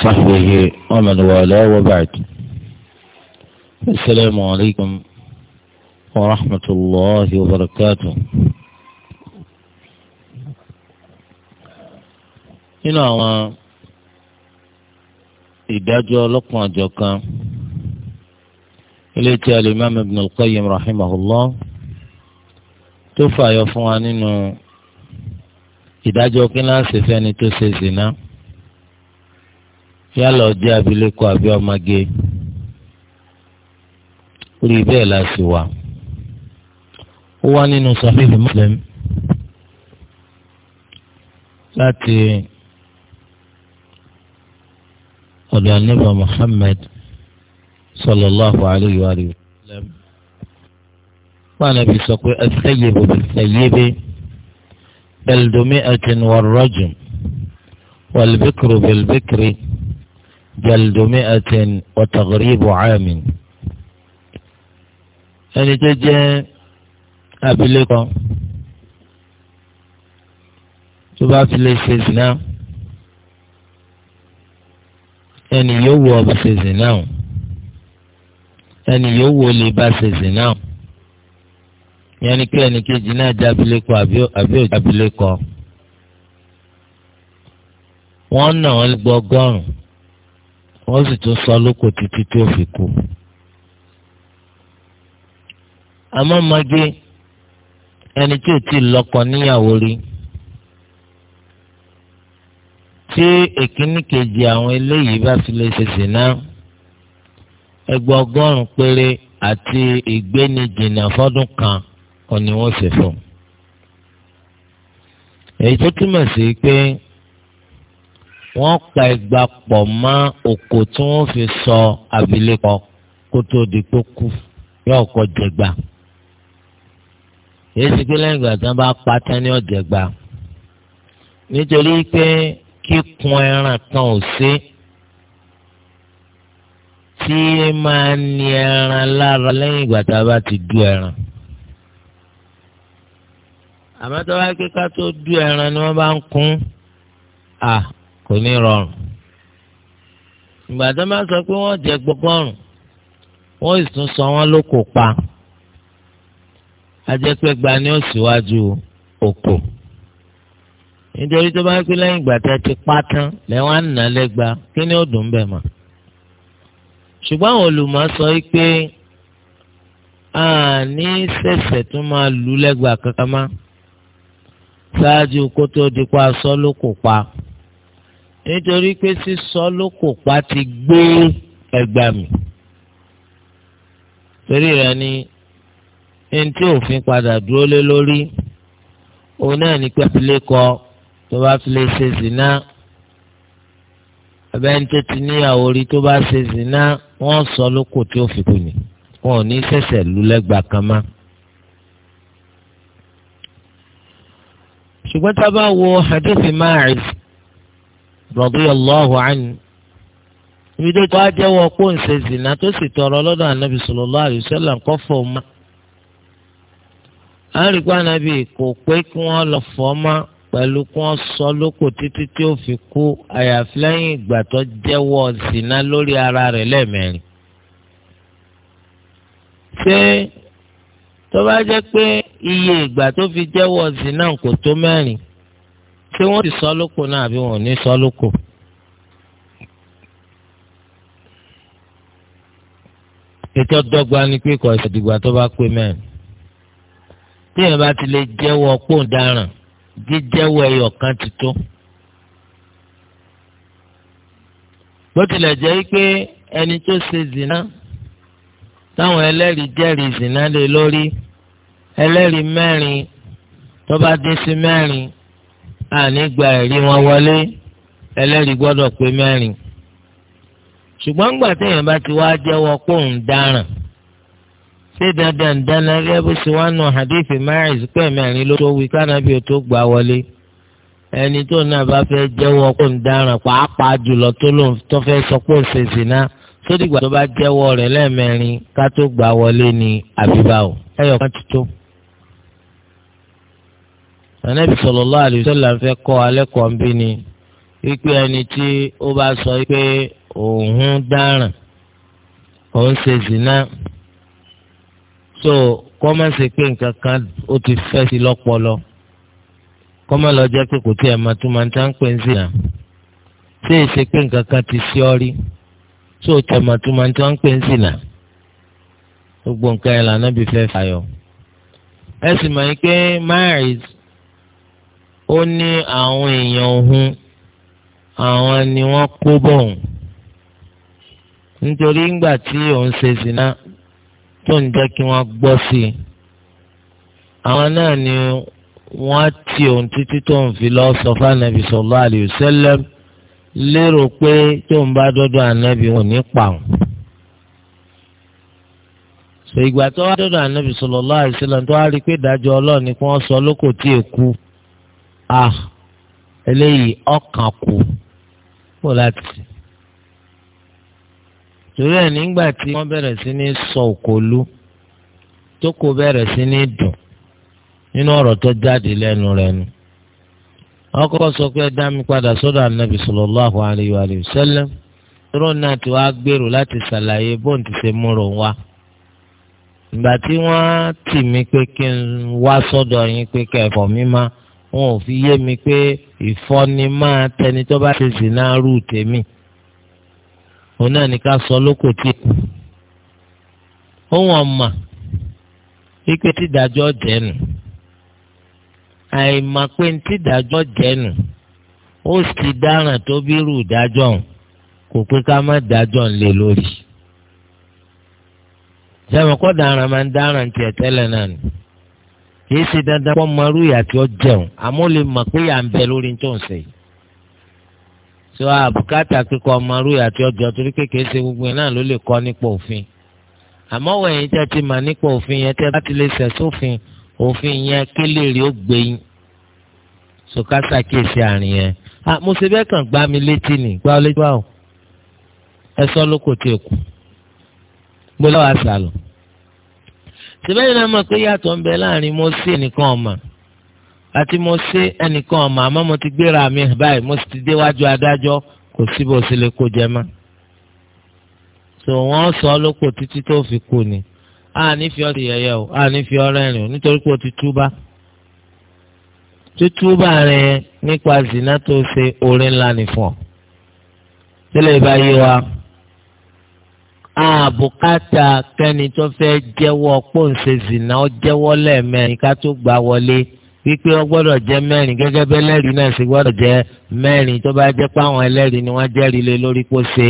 وصحبه ومن والاه وبعد السلام عليكم ورحمة الله وبركاته nínú àwọn ìdájọ́ ọlọ́kan àjọkan ilé tí alimami ibn al-qayyim rahimahullah tó fààyọ fún wa nínú ìdájọ́ kí náà ṣe fẹ́ni tó ṣe zina. No yálà ọjọ́ abilékọ àbí ọmọge orí bẹ́ẹ̀ la sì wà ó wá nínú Sahih Muslim láti ọ̀dọ̀ Ànábì Muhammad sallallahu alayhi wa sallam wọn àbí sọ pé ẹsẹ̀yẹ̀bù ẹsẹ̀yẹ̀bẹ̀ ẹlẹ́dọ̀mí ẹ̀tìn wọ́n rọ́jùn wọ́n lè jaldu mi'atin wa taghribu 'amin. ẹni tó jẹ́ abilékọ tó bá fi lè ṣe zina ẹni yóò wọ ọba ṣe zina o ẹni yóò wọ lè bá ṣe zina o yẹnni kí ẹni kejì náà jẹ́ abilékọ àbí òjò abilékọ wọ́n nà wọ́n gbọ́ ọgọ́rùn-ún wọ́n sì tún sọ lóko títí tí ó fi kú. àmọ́ ọmọge ẹni tí ò tí ì lọ́kọ níyàwó rí tí èkíní kejì àwọn eléyìí bá fi lè ṣèṣì náà ẹgbẹ́ ọgọ́rùn-ún péré àti ìgbénijìnà fọ́dún kan òní wọ́n ṣe fún èyí tó túmọ̀ sí pé wọ́n pa ẹgba pọ̀ mọ́ òkò tí wọ́n fi sọ abilékọ kó tó di pé kú yóò kọ́ jẹgba èsì pé lẹ́yìn ìgbà tí wọ́n bá pa tán ní ọ̀jẹ̀gba nítorí pé kíkun ẹran kan ò sí tí máa ní ẹran lára lẹ́yìn ìgbà tí a bá ti du ẹran. àmọ́ tó bá ké ká tó du ẹran ni wọ́n bá ń kún à kò ní rọrùn ìgbà tó máa sọ pé wọ́n jẹ gbọgọrùn wọ́n sì tún sọ wọ́n lóko pa ajẹpẹgba ni ó síwájú òkò nítorí tó bá pín lẹ́yìn ìgbà tẹ́ ti pa tán lẹ́wọ̀n á nà lẹ́gba kí ni ó dùn bẹ́ẹ̀ mọ́ ṣùgbọ́n àwọn olùmọ̀ sọ pé a ní ṣẹ̀ṣẹ̀ tó máa lù lẹ́gba kankan má ṣáájú kó tó di pa sọ́ pa nítorí pé sísọ ló kò pa ti gbé ẹgbà mi torí rẹ̀ ni ní tí òfin padà dúró lé lórí òun náà ní pé abilé kọ tó bá fi lè ṣe zina abẹ́ni tó ti níyàwó rí tó bá ṣe zina wọ́n sọ lóko tí ó fi kù ní wọn ò ní ṣẹ̀ṣẹ̀ lù lẹ́gbàá kan máa. ṣùgbọ́n tá a bá wo hadith Ma'iz radiyallahu anhu ibi tó wá jẹ́wọ́ pò ń ṣe zìnà tó sì tọrọ lọ́dọ̀ ànábì sallallahu alaihi wasallam kọ́ fọ́ ọ ma. àríkú ànábì kò pé kí wọ́n lọ fọ́ ọ ma pẹ̀lú kí wọ́n sọ lóko títí tí ó fi kú àyàfi lẹ́yìn ìgbà jẹ́wọ́ zìnà lórí ara rẹ̀ lẹ́ẹ̀mẹ́rin. ṣé tó bá jẹ́ pé iye ìgbà tó fi jẹ́wọ́ zìnà kò tó mẹ́rin ṣé wọ́n ti sọ lóko náà àbí wọn ò ní sọ lóko. ètò ọdọgba ni pé kò ìṣèdìgbà tó bá pé mẹ́rin téèyàn bá ti lè jẹ́wọ́ pòǹdaràn jíjẹ́wọ́ ẹyọ kan ti tó. bó tilẹ̀ jẹ́ pé ẹni tó ṣe zina táwọn ẹlẹ́rìí jẹ́rìí zina lé lórí ẹlẹ́rìí mẹ́rin tó bá dín sí mẹ́rin àní gba ẹ̀rí wọn wọlé ẹlẹ́rìí gbọ́dọ̀ pé mẹ́rin ṣùgbọ́n gbà téèyàn bá ti wá jẹ́wọ́ pé òun dáràn ṣé dandan dandan gẹ́gẹ́ bó ṣe wá nù hadith mẹ́rin pé mẹ́rin ló tó wí kánábì ó tó gbà wọlé ẹni tó náà bá fẹ́ jẹ́wọ́ pé òun dáràn pàápàá jùlọ tó lóun tó fẹ́ sọ pé òun ṣe zina sódìgbà tó bá jẹ́wọ́ rẹ̀ lẹ́ẹ̀mẹ́rin ká tó gbà wọlé ni àbíbáwò ẹ̀yọ̀ kan ti tó anabi sallallahu alaihi wasallam fẹ́ kọ́ alẹ́ kọ́ ń bí ni wípé ẹni tí ó bá sọ pé òun dáràn òun ṣe zina so kọ́mọ̀sì pé nǹkan kan ó ti fẹ́ sí lọ́pọlọ kọ́mọ̀ lọ jẹ́ pé kò tí ẹ̀ máa tún máa ń tá ń pè ń zina ṣé èsì pé nǹkan kan ti ṣí ọ rí tó tẹ̀ máa tún máa ń tá ń pè ń zina gbogbo nǹkan ẹ̀ lànà bí fẹ́ fàyọ. ẹ sì mọ̀ pé marriage ó ní àwọn èèyàn ọ̀hún, àwọn ni wọ́n kó bọ̀ ọ̀hún. nítorí ńgbà tí òun ṣe zina tó ń jẹ́ kí wọ́n gbọ́ sí i àwọn náà ni wọ́n ti òun títí tó ń fi lọ sọ fún anabi sallallahu lérò pé tó ń bá dọ́dọ̀ anabi wọn ní pààrọ̀ sọ ìgbà tó wá dọ́dọ̀ anabi sọ̀rọ̀ alayhi wa sallam tó wá rí i pé ìdájọ́ ọlọ́ọ̀ni kí wọ́n sọ lókò tí èkú. a ah, eléyìí ọkàn kù kó láti. torí ẹ̀ nígbà tí wọ́n bẹ̀rẹ̀ sí ní sọ òkòlú jókò bẹ̀rẹ̀ sí ní dùn nínú ọ̀rọ̀ tó jáde lẹ́nu rẹ̀ nu. wọ́n sọ pé ẹ dá mi padà sọ́dọ̀ ànábì sallallahu alayhi wa sallam tóró náà ti wá gbèrò láti ṣàlàyé bóun ti ṣe múrò wá. ìgbà tí wọ́n tì mí pé kí n wá sọ́dọ̀ yín pé kẹfọ́ mi máa wọn ò fi yé mi pé ìfọ́ni máa tẹni tó bá ti sìn náà rú tèmi òun náà ní ká sọ lóko tí kù ohun ọ̀mà wípé tídájọ́ jẹ́nu àìmọ̀ pé tídájọ́ jẹ́nu ó sì dáràn tó bí rú dájọ́ òun kò pé ká má dájọ́ ń lé lórí sẹ́wọ̀n kọ́ dáràn máa ń dáràn tiẹ̀ tẹ́lẹ̀ náà ni kìí ṣe dandan kọ́ mọ irú ìyá tí àmọ́ lè mọ̀ pé ìyá ń bẹ lórí tó ń ṣe so àbùkátà kíkọ́ ọmọ irú ìyá tí ó jẹun torí pé kìí ṣe gbogbo yẹn náà ló lè kọ́ nípa òfin àmọ́ wẹ̀yìn tẹ́ ti mà nípa òfin yẹn tẹ́ bá ti lè ṣẹ̀ sófin òfin yẹn kélé rí ó gbé yín so ká ṣàkíyèsí àárín yẹn à ah, mo ṣe bẹ́ẹ̀ kàn gbá mi létí nì gbá ọ létí báwo ẹ sọ lóko tí èkó gbọ́dọ̀ sìbẹ́yìn náà mọ̀ pé yàtọ̀ ń bẹ láàrin mo sí ẹnìkan ọmọ àti mo sí ẹnìkan ọmọ àmọ́ mo ti gbéra mi báyìí mo sì ti déwájú adájọ́ kò sí bó ṣe lè kó jẹ mọ́. sọ wọ́n sọ lóko títí tó fi kú ni a ní fi ọ́ ti yẹ̀yẹ́ o a ní fi ọ́ rẹ́rìn o nítorí pé o ti túbá. tútúbà rẹ̀ nípa zina tó ṣe orin ńlá nìfọ̀. tẹ́lẹ̀ ìbáyé wa àbùkátà kẹ́ni tó fẹ́ jẹ́wọ́ pòǹṣe zìnà ó jẹ́wọ́ lẹ́ẹ̀mẹ́rin ká tó gbà wọlé wípé ó gbọ́dọ̀ jẹ́ mẹ́rin gẹ́gẹ́ bẹ́ẹ̀ lẹ́rìí náà sì gbọ́dọ̀ jẹ́ mẹ́rin tó bá jẹ́ pé àwọn ẹlẹ́rìí ni wọ́n jẹ́rìí lé lórí pòǹṣe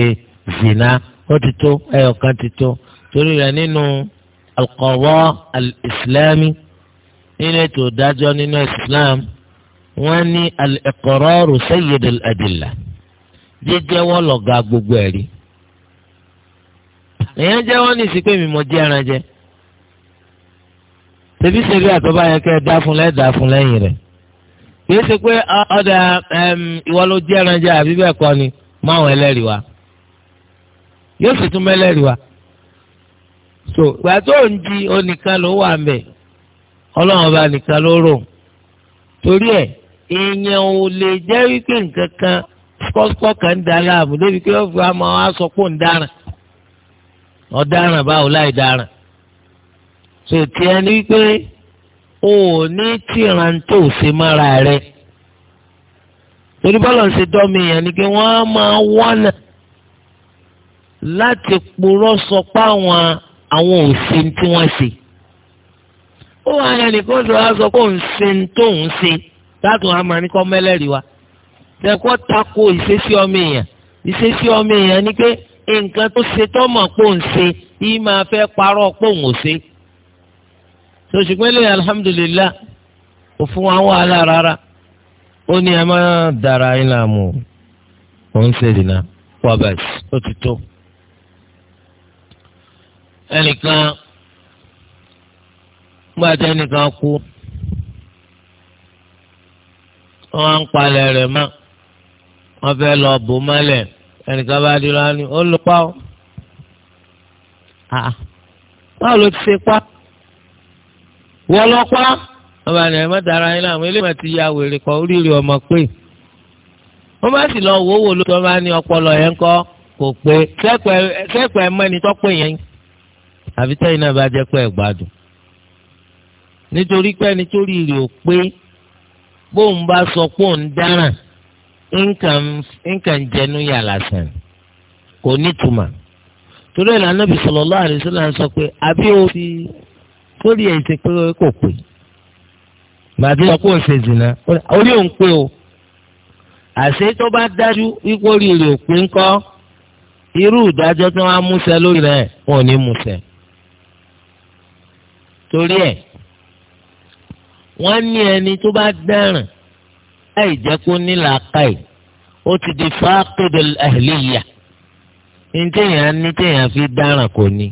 zìnà ó ti tó ẹyọkan ti tó torí rẹ̀ nínú alqada al nínú ètò ìdájọ́ nínú islam wọ́n ní al-iqraru sayyid al-adilla jíjẹ́wọ́ gbogbo ẹ̀rí èyàn jẹ́ wọ́n ní ìsìnkú èmi mọ̀ jẹ́ ẹran jẹ ṣe rí àtọ́bá yẹn kẹ́ ẹ dá fún fún lẹ́yìn rẹ̀ pé ọ̀dà ìwọ ló jẹ́ ẹran àbí bẹ́ẹ̀ kọ́ ni máwọn ẹlẹ́rìí wa yóò sì tún mẹ́lẹ́rìí onìkan ló wà ọlọ́run ọba torí ẹ̀ ò lè jẹ́ wípé kan ọ̀daràn báwo láì daràn tètè ẹni pé o ò ní tìrántò ṣe mára rẹ torí bọ́lá ń ṣe dọ́mi yẹn ni pé wọ́n á máa wọ́nà láti purọ́ sọ pé àwọn àwọn òsín tí wọ́n ṣe ó wà ní ẹnìkan tó wá sọ pé òun ṣe ń tó òun ṣe láti wọn á máa ní kọ́ mẹ́lẹ́rìí wa tẹ̀kọ́ tako ìṣesí ọmọ èèyàn ìṣesí ọmọ èèyàn ni pé nǹkan tó ṣe tọ́mọ̀ pò ń ṣe yìí máa fẹ́ parọ́ pò ń ṣe. sọ̀sùgbọ́n lè alhamdulillah kò fún wa wàhálà rárá ó ní ẹ máa dára yín láàmú ó ń ṣe dìnnà wabas ó ti tó. ẹnìkan gbàtẹ́ ẹnìkan kú wọ́n á ń palẹ̀ rẹ̀ mọ́ wọ́n fẹ́ lọ bò mọ́lẹ̀ ẹnìkan bá di lọ ni ó lọ pa ọ ah, báwo ló ti ṣe pa wọ́n lọ pa ọba ni ẹ má dara yín láwọn eléyìí má ti ya wèrè kan oríire ọmọ pé wọ́n bá sì lọ wò wò ló tó bá ní ọpọlọ yẹn kọ́ kò pé sẹ́pẹ̀ mọ́ yẹn àfi tẹ́yìn náà bá jẹ́ pé ẹ̀ nítorí pé ẹni tó rí rí o pé bóun bá sọ pé òun dáràn nǹkan jẹnu yà lásán kò nítumọ̀ torí ìlànà Ànábì sallallahu alaihi wasallam sọ pé àbí o fi sórí ẹ̀ ti pé kò o ṣe orí òun pé o àṣé tó bá dájú wípé orí rẹ̀ pé ńkọ́ irú ìdájọ́ tí wọ́n wọn ò ní múṣẹ torí ní ẹni tó bá láì jẹ́ kó nílà káì ó ti di fáàkìdì ẹ̀hìlìyà ní téèyàn ní téèyàn fi dáràn kò ní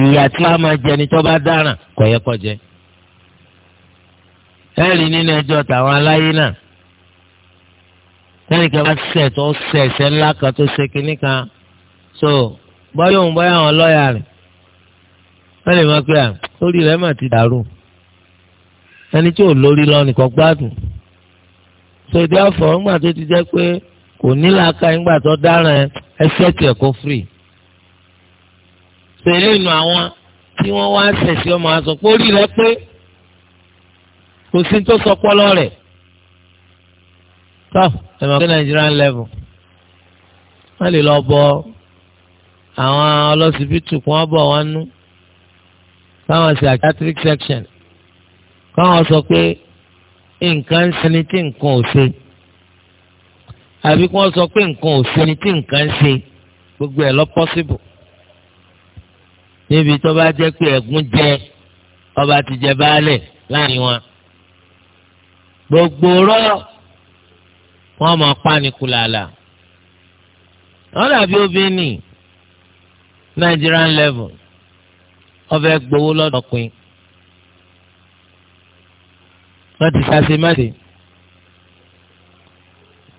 ìyà tí wàá máa jẹ ni tó bá dáràn kò yẹ kó jẹ. ẹ rí nínú ẹjọ́ tàwọn aláyé náà lẹ́yìn bá ṣẹ̀ tó ṣẹ̀ ẹ̀ṣẹ̀ ńlá kan tó ṣe kínní kan so bọ́yọ̀ òun bọ́yọ̀ àwọn lọ́ọ̀yà rẹ̀ wọ́n lè máa pe à lórí rẹ̀ mà ti dàrú ẹni tí ò lórí lọ́nìkan gbádùn so therefore ńgbà tó ti jẹ́ pé kò nílàáka ńgbà tó dáràn ẹsẹ̀ tiẹ̀ kó free. sèré nu àwọn tí wọ́n wá ṣẹ̀ṣẹ̀ ọmọ àtún pórí rẹ pé kò sí tó sọ pọ́lọ́ rẹ̀. tó ẹ mọ̀ pé Nigerian level wọ́n lè lọ bọ àwọn ọlọ́sibítù kí wọ́n bọ̀ wọ́n nú káwọn ṣe psychiatric section káwọn sọ pé nǹkan ń sinmi tí nǹkan ò ṣe àbí kí wọ́n sọ pé nǹkan ò sinmi tí nǹkan ń ṣe gbogbo ẹ̀ lọ pọ́síbù níbi tó bá jẹ́ pé ẹ̀gún jẹ ọba ti jẹ baálẹ̀ láàrin wọn gbogbo rọ wọn máa pánikù wọn dàbí obìnrin Nigerian level ọbẹ̀ gbowó lọ́dọ̀ pin wọ́n ti sase mẹ́rin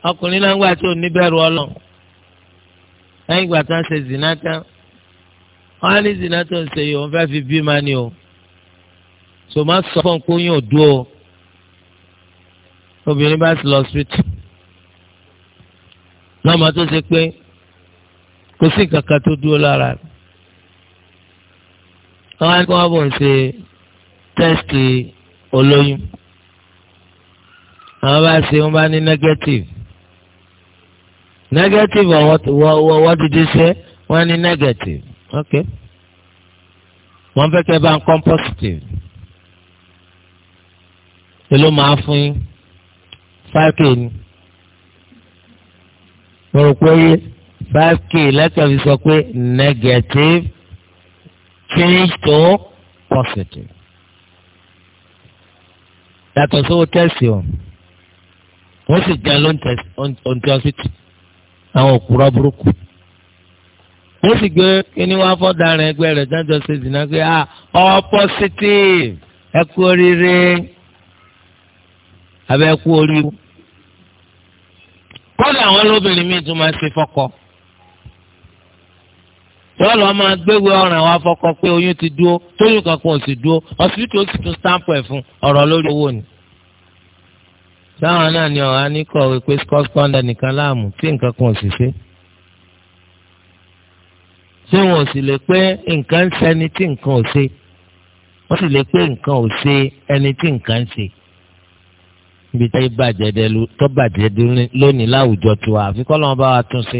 ọkùnrin náà ń gbà tí ò ní bẹ̀rù ọlọ́ lẹ́yìn ìgbà tó ń ṣe zina tán wọ́n á ní zina tó ń ṣe yìí òun fẹ́ fi bí ma ni o sọ ma sọ fún kó yín ò dúró obìnrin bá ti lọ síbítù lọ́mọ tó ṣe pé kò sí kankan tó dúró lára wọ́n á ní kí wọ́n bọ̀ ṣe tẹ́sítì olóyún àwọn bá ṣe wọ́n bá ní negative negative ọwọ́ wọ́n ti dé sẹ́ wọ́n ní negative ok wọ́n fẹ́ kẹ́ bá ń kọ́ positive èló máa fún yín five k ni mo rò pé five k lẹ́tọ̀ fi sọ pé negative change to positive yàtọ̀ sówó tẹ̀sí o wọ́n sì jẹ́ lóńtì ọ̀sìtì àwọn òkúrọ̀ burúkú. wọ́n sì gbé kíní wá fọ́daràn ẹgbẹ́ rẹ̀ dájọ́ ṣe dìná pé ah all positive ẹ kú oríire abẹ́ ẹ kú oríire. kọ́dà àwọn lóbìnrin míì tún máa ṣe fọ́kọ. tọ́lọ́ máa gbéwé ọ̀ràn wá fọ́kọ pé oyún ti dúó tóyún kankan ò sì dúó ọ̀sìtì ó sì tún stamp ẹ̀ fún ọ̀rọ̀ lórí owó ni táwọn náà ní ọ̀hán ní kọ̀wé pé scott ponder nìkan láàmú tí nǹkan kan ò sì ṣe. ṣé wọn ò sì lè pé nǹkan ń ṣe ẹni tí nǹkan ò ṣe wọ́n sì lè pé nǹkan ò ṣe ẹni tí nǹkan ń ṣe. ibi tó bàjẹ́ tó bàjẹ́ lónìí láwùjọ tó wà àfi kọ́ lọ́wọ́ bá wa tún ṣe.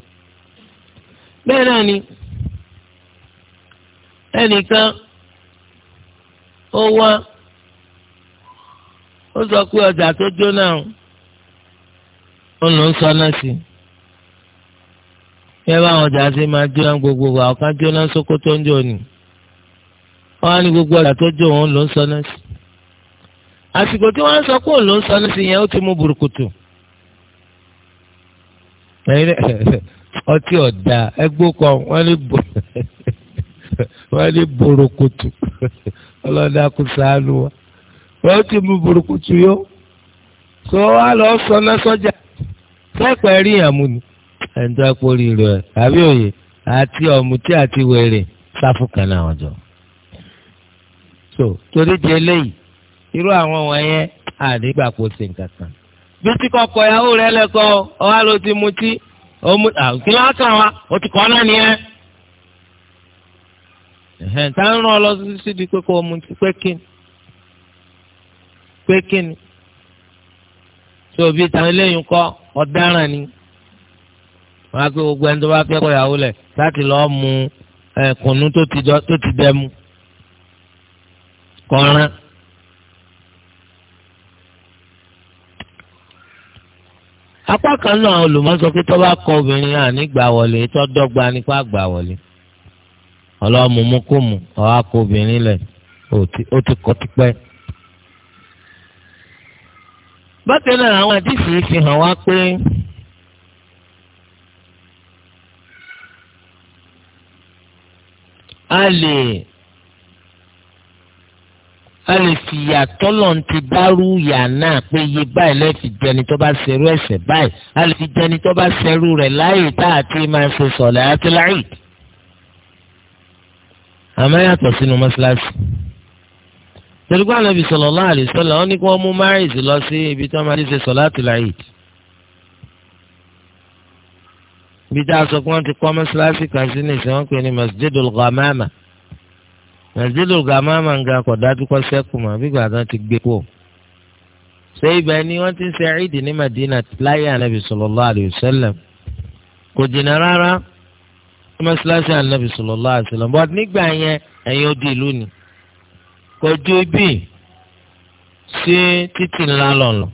bẹ́ẹ̀ náà ni ẹnìkan ó wá ó sọ pé ọjà tó jóná ó ló ń sọnà sí yẹ báwọn ọjà ṣe máa jóná gbogbo àwọn kan jóná Sókótó ń jò ní wọn á ní gbogbo ọjà tó jó òun ló ń sọnà sí àsìkò tí wọn sọ pé òun ló ń sọnà sí yẹn ó ti mú burúkutu ọtí ọ̀dà ẹgbó kan wọ́n ní burúkutu ọlọ́dà kù sáánú wa yóò ti mú burúkú tu yó tó wá lọ sọná sọjà sẹ́pẹ̀ rí ìyàmú ni ẹni tó ẹ̀pọ̀ rí rẹ̀ àbí òye àti ọ̀mùtí àti wèrè sáfùkàn náà wọ́n jọ. so torí di eléyìí irú àwọn wọ̀nyẹn àdégbà kò sí nǹkan kan. bí tí kọkọ ìyàwó rẹ lẹ́kọ̀ọ́ ọ̀há ló ti mutí òkìlá kan wa ó ti kọ́ náà nìyẹn. ẹ̀hẹ̀n tá ń rán ọ lọ sí di pé kó o mutí pé kí ni. pé kíni tó bí táwọn eléyìí kọ́ ọ̀daràn ni wọn á pé gbogbo ẹni tó bá fẹ́ kọ́ ìyàwó lẹ̀ láti lọ́ọ́ mu kùnú tó ti dẹ mu kọ́ran. apá kan náà olùmọ̀sọ pé tó bá kọ obìnrin náà nígbà wọlé tó dọ́gba nípa àgbà wọlé ọlọ́mùmú kò mú ọ̀ á kọ obìnrin lẹ̀ ó ti kọ́ tipẹ́. bákan náà àwọn àdìsí fi hàn wá pé a lè a lè fi ìyà tọ́lọ̀ ti dárú ìyà náà pé iye báyìí lẹ́ẹ̀fi jẹni tó bá ṣerú ẹ̀ṣẹ̀ báyìí a lè fi jẹni tó bá ṣerú rẹ̀ láàyè tá a ti máa ṣe sọ̀lẹ́ àti láàyè. àmọ́ yàtọ̀ sínú mọ́ṣáláṣí torí pé ànábì sallallahu alaihi wasallam ó ní kí wọ́n mú márìsì lọ sí ibi tí wọ́n máa ń ṣe sọ̀láàtì Eid ibi tá a sọ pé wọ́n ti kọ́ mọ́ṣáláṣí kan sí ní ìsìn wọn pè ní Masjidul Ghamama Masjidul Ghamama ń ga kọ̀ dájú kọ́ sẹ́kù mọ́ bí gbàdán ti gbé kú ṣé ibẹ̀ ni wọ́n ti ń ṣe Eid ní Madina láyé ànábì sallallahu alaihi wasallam kò jìnnà rárá mọ́ṣáláṣí ànábì sallallahu alaihi wasallam bọ́t nígbà yẹn ẹ̀yin ó di ìlú ni kọjú bí ṣé títì ńlá lọ̀nà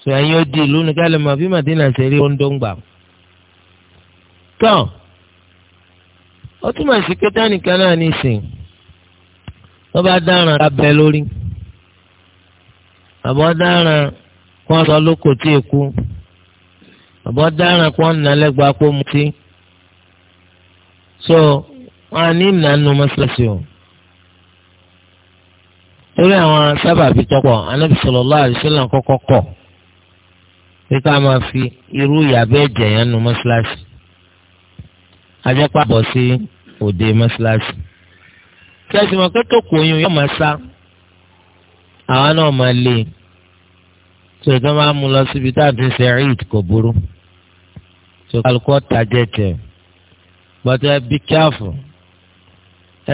sọ ẹ̀yin ó di ìlú ní kálí mọ̀ bí màdínà ṣe rí oúnjẹ ń gbà. tán ó túmọ̀ sí pé tánìkan náà ní ìsìn wọ́n bá dáràn abẹ lórí àbọ̀ dáràn kó wọ́n sọ lóko tí èkú àbọ̀ dáràn kó wọ́n nà lẹ́gbàá pọ̀ mutí. so wọn á ní ìnánu mọ́ṣáláṣí o. e àwọn sábàbí tọ́pọ̀ anábì sallallahu lọ wasallam kọ́kọ́ kọ̀ pé ká máa fi irú ìyàbẹ̀ ẹ̀jẹ̀ yẹn nu mọ́ṣáláṣí ajẹ́pà bọ̀ sí òde si tẹ̀sí mọ̀ pé tókù oyún yóò máa sá àwa náà máa lé e tó ìtọ́ máa mú lọ síbi tá à ń ti ṣe eid kò burú tó kálukọ́ bí káfù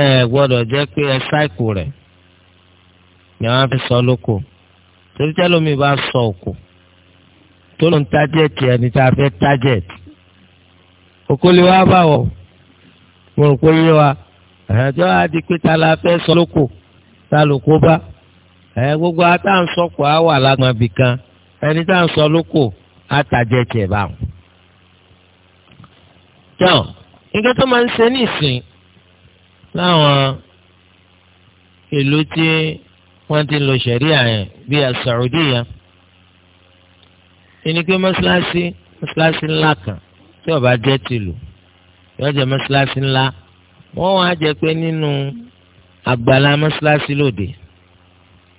ẹ gbọdọ ẹ sáìkù rẹ. ni wọ́n fi sọ lóko torí tẹ́lómi bá sọ òkò tó ló ń tájẹ̀tì ẹni tá a fẹ́ tájẹ̀tì òkò lè bá wọ̀ mo rò pé yé wa ẹ̀jọ́ adi pé ta la fẹ́ sọ lóko ta lóko bá ẹ̀ gbogbo atáǹsọ̀kọ̀ á wà lágbọ̀n bìkan ẹni tá à ń sọ lóko á tájẹ̀tì ẹ̀ báwọn jọ̀ọ́ nǹkan tó máa ń ṣe ní ìsìn láwọn èlò tí wọ́n ti ń lo sẹ̀ríà yẹn bíi àsàrúdì yẹn. ẹni pé mọ́ṣáláṣí mọ́ṣáláṣí ńlá kan tí ó bá jẹ́ tìlù yóò jẹ́ mọ́ṣáláṣí ńlá wọ́n wá jẹ́ pé nínú àgbàlá mọ́ṣáláṣí lòdì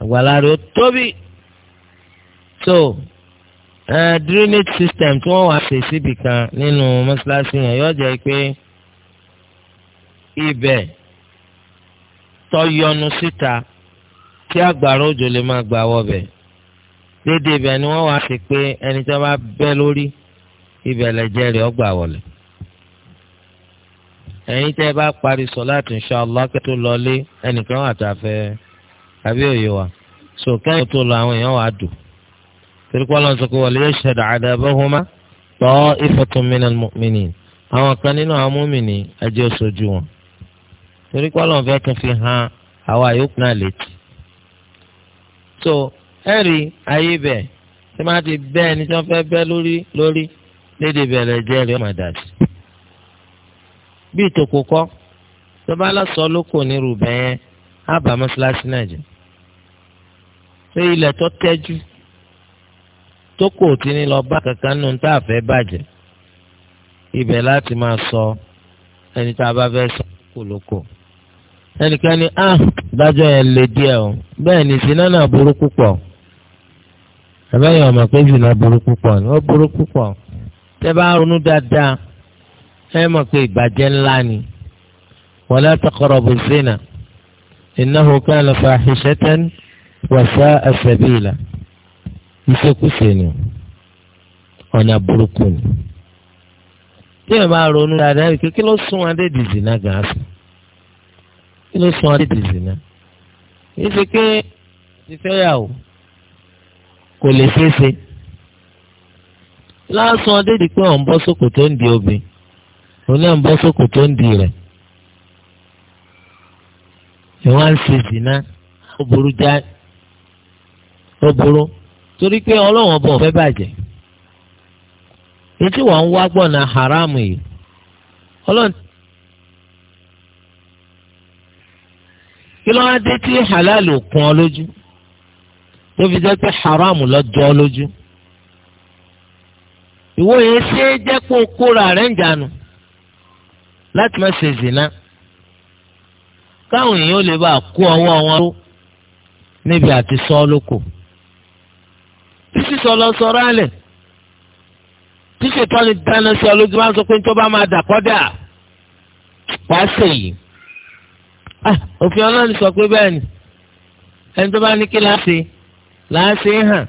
àgbàlá rẹ̀ ó tóbi. so uh, drainage system tí wọ́n wá ṣe síbi kan nínú mọ́ṣáláṣí yẹn yóò jẹ́ pé ibẹ̀ tọ́yọnu síta. Si kí àgbàrá òjò lè máa gbà wọbẹ̀ dédé ibẹ̀ ni wọ́n wá sí pé ẹni tí wọ́n bá bẹ́ lórí ibẹ̀ lẹ́jẹ̀ rẹ̀ ọgbà wọlé ẹ̀yin tẹ́ ẹ bá parí sọ láti inṣàlá kẹ́ tó lọlé ẹnìkan wà tá a fẹ́ àbí òye wa so kẹ́yìn tó lọ àwọn èèyàn wà á dùn torí pé ọlọ́run sọ wọlé yóò ṣẹ̀dá àdàbọ̀húnmá tọ́ ìfọ̀tún mìíràn mìíní àwọn kan nínú àwọn múmìnì ẹjẹ́ òṣojú wọn torí pé ọlọ́run fẹ́ tún fi hàn àwọn àyókù náà létí so ẹ̀rí ayé bẹ̀ tí wọ́n ti bẹ́ ẹni tí wọ́n fẹ́ bẹ́ lórí lórí léde bẹ̀rẹ̀ jẹ́ rí ọmọ dàbí. bí ìtòkò kọ́ tó bá lọ́sọ̀ lóko nírú bẹ́ẹ̀ á bá mọ́ṣáláṣí náà jẹ́. ṣé ilẹ̀ tó tẹ́jú tó kò tí ní lọ bá kankan nù tá a fẹ́ bàjẹ́ ibẹ̀ láti máa sọ ẹni tá a bá fẹ́ sọ kò So, ẹnìkan ni ah ìdájọ́ yẹn lè díẹ̀ o bẹ́ẹ̀ ni sinna náà burú púpọ̀ àbẹ́yẹn ọmọ pé sinna burú púpọ̀ ni ó burú púpọ̀ tẹ́ bá ronú dáadáa ẹ mọ̀ pé ìbàjẹ́ ńlá ni wala taqrabu zina innahu kana fahishatan wa sa'a sabila ìṣekúṣe ni ọ̀nà burúkú ni tí ẹ bá ronú dáadáa kí ló sún adé dìzì gàásùn kí ló sọ ọ́ tètè zina kìí ṣe pé ìfẹ́yàwó kò lè ṣeéṣe lásán ọdẹ́dì pé òun bọ́ sókò tó ń di obìn òun náà ń bọ́ tó ń di rẹ̀ ìwọ́n ṣe zina ó burú já ó burú torí pé ọlọ́wọ́n ọba bàjẹ́ wọ́n ń wá haramu yìí kí ló wá dé tí halal ò kún ọ lójú tó fi jẹ́ pé haram lọ jọ ọ lójú ìwọ yẹn ṣe é jẹ́ pé o kóra rẹ̀ ń jànú láti má ṣe zina káwọn èèyàn lè bá kó ọwọ́ wọn ró níbi àti sọ lóko títí sọlọ sọ̀rọ̀ alẹ̀ títí tọ́ni dáná sí ọ lójú máa sọ pé tó bá máa dà kọ́ dà wá ṣèyí. Ah, òfin ọlọ́run sọ pé bẹ́ẹ̀ ni ẹni tó bá ní kí láṣẹ láṣẹ hàn